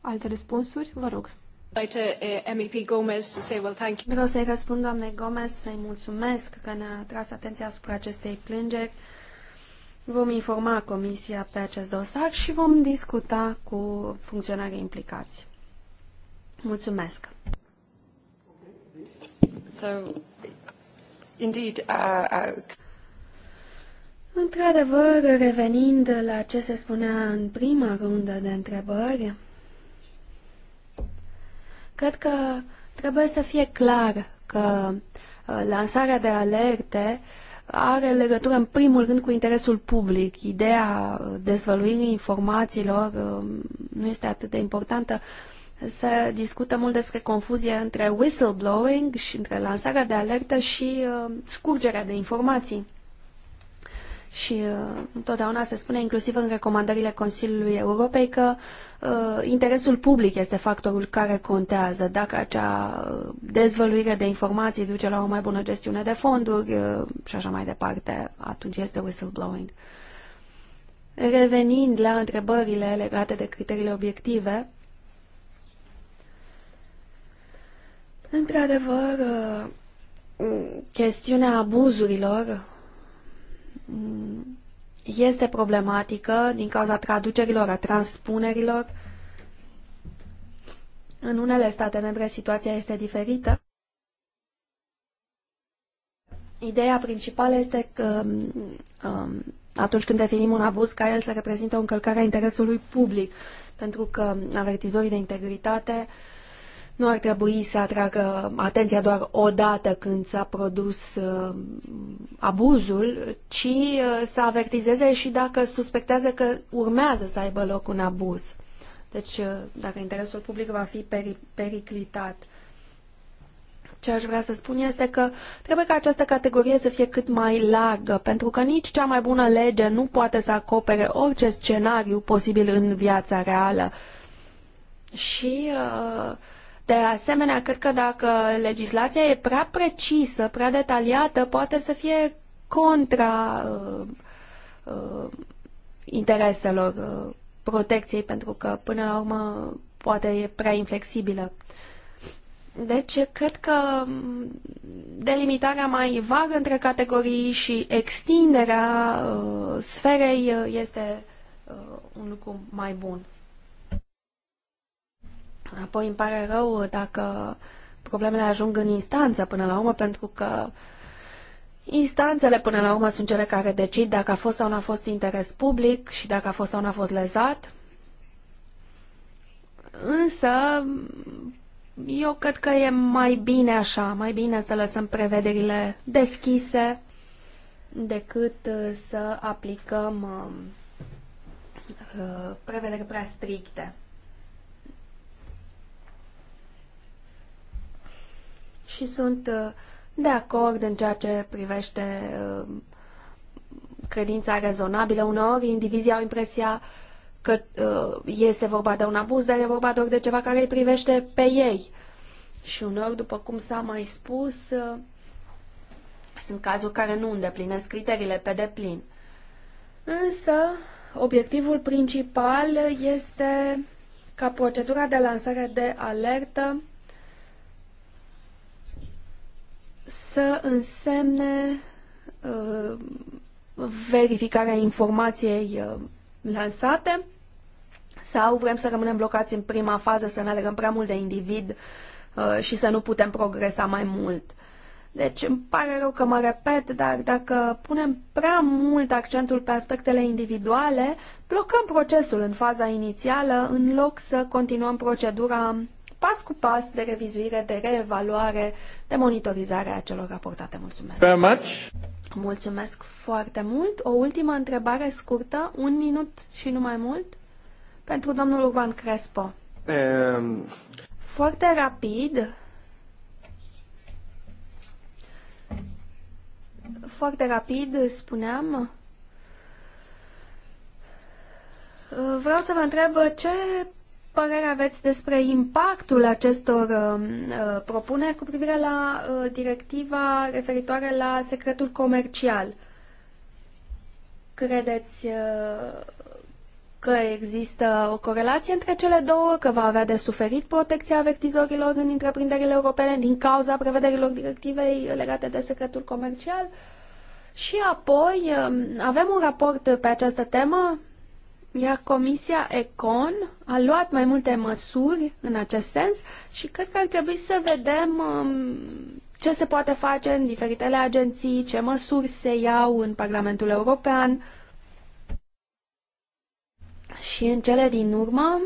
Alte răspunsuri? Vă rog. Uh, Vreau să-i răspund doamnei Gomez, să-i mulțumesc că ne-a tras atenția asupra acestei plângeri. Vom informa Comisia pe acest dosar și vom discuta cu funcționarii implicați. Mulțumesc! So, indeed, uh, uh... Într-adevăr, revenind la ce se spunea în prima rundă de întrebări, cred că trebuie să fie clar că uh, lansarea de alerte are legătură în primul rând cu interesul public. Ideea uh, dezvăluirii informațiilor uh, nu este atât de importantă se discută mult despre confuzie între whistleblowing și între lansarea de alertă și uh, scurgerea de informații. Și uh, întotdeauna se spune, inclusiv în recomandările Consiliului Europei, că uh, interesul public este factorul care contează. Dacă acea uh, dezvăluire de informații duce la o mai bună gestiune de fonduri uh, și așa mai departe, atunci este whistleblowing. Revenind la întrebările legate de criteriile obiective, Într-adevăr, uh, chestiunea abuzurilor mm, este problematică din cauza traducerilor, a transpunerilor. În unele state membre situația este diferită. Ideea principală este că mm, um, atunci când definim un abuz, ca el să reprezintă o încălcare a interesului public, pentru că avertizorii de integritate uh, nu ar trebui să atragă atenția doar o dată când s-a produs uh, abuzul, ci uh, să avertizeze și dacă suspectează că urmează să aibă loc un abuz. Deci, uh, dacă interesul public va fi peri periclitat. Ce aș vrea să spun este că trebuie ca această categorie să fie cât mai largă, pentru că nici cea mai bună lege nu poate să acopere orice scenariu posibil în viața reală. Și uh, de asemenea, cred că dacă legislația e prea precisă, prea detaliată, poate să fie contra uh, uh, intereselor uh, protecției, pentru că, până la urmă, poate e prea inflexibilă. Deci, cred că delimitarea mai vagă între categorii și extinderea uh, sferei uh, este uh, un lucru mai bun. Apoi îmi pare rău dacă problemele ajung în instanță până la urmă, pentru că instanțele până la urmă sunt cele care decid dacă a fost sau nu a fost interes public și dacă a fost sau nu a fost lezat. Însă, eu cred că e mai bine așa, mai bine să lăsăm prevederile deschise decât uh, să aplicăm um, uh, prevederi prea stricte. și sunt uh, de acord în ceea ce privește uh, credința rezonabilă. Uneori indivizii au impresia că uh, este vorba de un abuz, dar e vorba doar de ceva care îi privește pe ei. Și uneori, după cum s-a mai spus, sunt cazuri care nu îndeplinesc criteriile pe deplin. Însă, obiectivul principal este ca procedura de lansare de alertă să însemne uh, verificarea informației uh, lansate sau vrem să rămânem blocați în prima fază, să ne alegăm prea mult de individ uh, și să nu putem progresa mai mult. Deci îmi pare rău că mă repet, dar dacă punem prea mult accentul pe aspectele individuale, blocăm procesul în faza inițială în loc să continuăm procedura pas cu pas de revizuire, de reevaluare, de monitorizare a celor raportate. Mulțumesc! Very much. Mulțumesc foarte mult! O ultimă întrebare scurtă, un minut și nu mai mult, pentru domnul Urban Crespo. Um... Foarte rapid, foarte rapid spuneam, Vreau să vă întreb ce părere aveți despre impactul acestor um, uh, propuneri cu privire la uh, directiva referitoare la secretul comercial? Credeți uh, că există o corelație între cele două, că va avea de suferit protecția avertizorilor în întreprinderile europene din cauza prevederilor directivei legate de secretul comercial? Și apoi um, avem un raport pe această temă iar Comisia Econ a luat mai multe măsuri în acest sens și cred că ar trebui să vedem um, ce se poate face în diferitele agenții, ce măsuri se iau în Parlamentul European. Și în cele din urmă,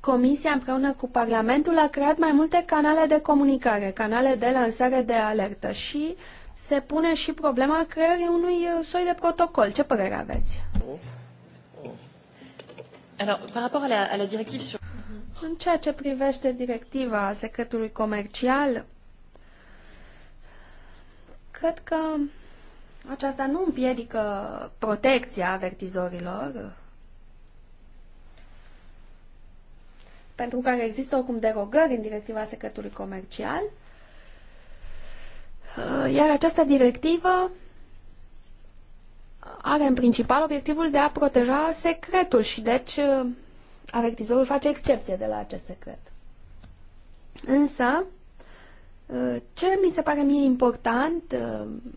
Comisia împreună cu Parlamentul a creat mai multe canale de comunicare, canale de lansare de alertă și se pune și problema creării unui uh, soi de protocol. Ce părere aveți? Mhm. În ceea ce privește directiva secretului comercial, cred că aceasta nu împiedică protecția avertizorilor, pentru care există oricum derogări în directiva secretului comercial, iar această directivă are în principal obiectivul de a proteja secretul și deci avertizorul face excepție de la acest secret. Însă, ce mi se pare mie important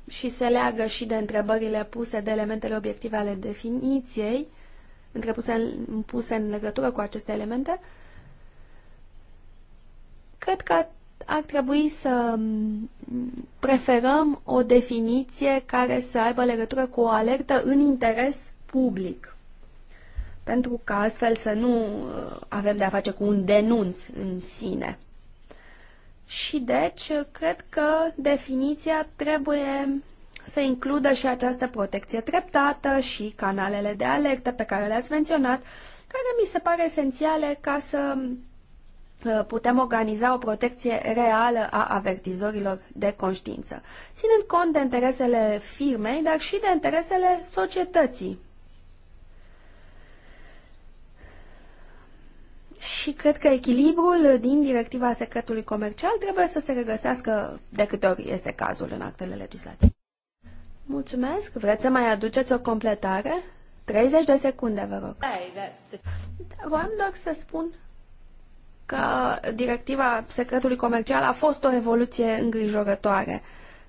și se leagă și de întrebările puse de elementele obiective ale definiției, întrepuse, puse în legătură cu aceste elemente, cred că ar trebui să mm, preferăm o definiție care să aibă legătură cu o alertă în interes public. Pentru că astfel să nu uh, avem de a face cu un denunț în sine. Și deci, cred că definiția trebuie să includă și această protecție treptată și canalele de alertă pe care le-ați menționat, care mi se pare esențiale ca să Uh, putem organiza o protecție reală a avertizorilor de conștiință, ținând cont de interesele firmei, dar și de interesele societății. Și cred că echilibrul din directiva secretului comercial trebuie să se regăsească de câte ori este cazul în actele legislative. Mulțumesc. Vreți să mai aduceți o completare? 30 de secunde, vă rog. Da, Voiam doar să spun că directiva secretului comercial a fost o evoluție îngrijorătoare.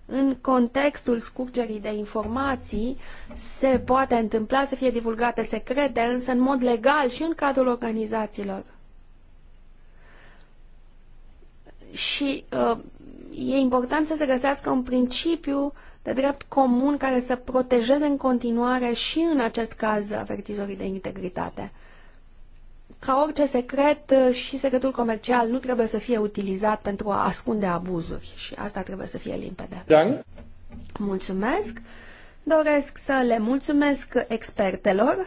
În contextul scurgerii de informații se poate întâmpla să fie divulgate secrete, însă în mod legal și în cadrul organizațiilor. Și uh, e important să se găsească un principiu de drept comun care să protejeze în continuare și în acest caz avertizorii de integritate ca orice secret uh, și secretul comercial nu trebuie să fie utilizat pentru a ascunde abuzuri și asta trebuie să fie limpede. Dan? Mulțumesc! Doresc să le mulțumesc expertelor.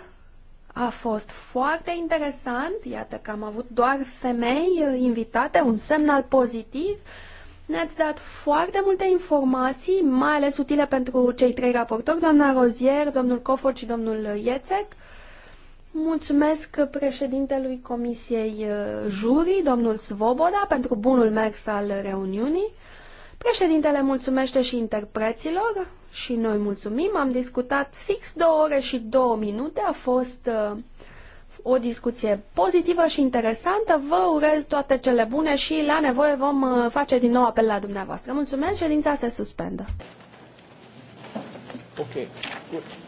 A fost foarte interesant. Iată că am avut doar femei uh, invitate, un semnal pozitiv. Ne-ați dat foarte multe informații, mai ales utile pentru cei trei raportori, doamna Rozier, domnul Cofort și domnul Iețec. Mulțumesc președintelui Comisiei uh, Jurii, domnul Svoboda, pentru bunul mers al reuniunii. Președintele mulțumește și interpreților și noi mulțumim. Am discutat fix două ore și două minute. A fost uh, o discuție pozitivă și interesantă. Vă urez toate cele bune și la nevoie vom uh, face din nou apel la dumneavoastră. Mulțumesc, ședința se suspendă. Ok. Good.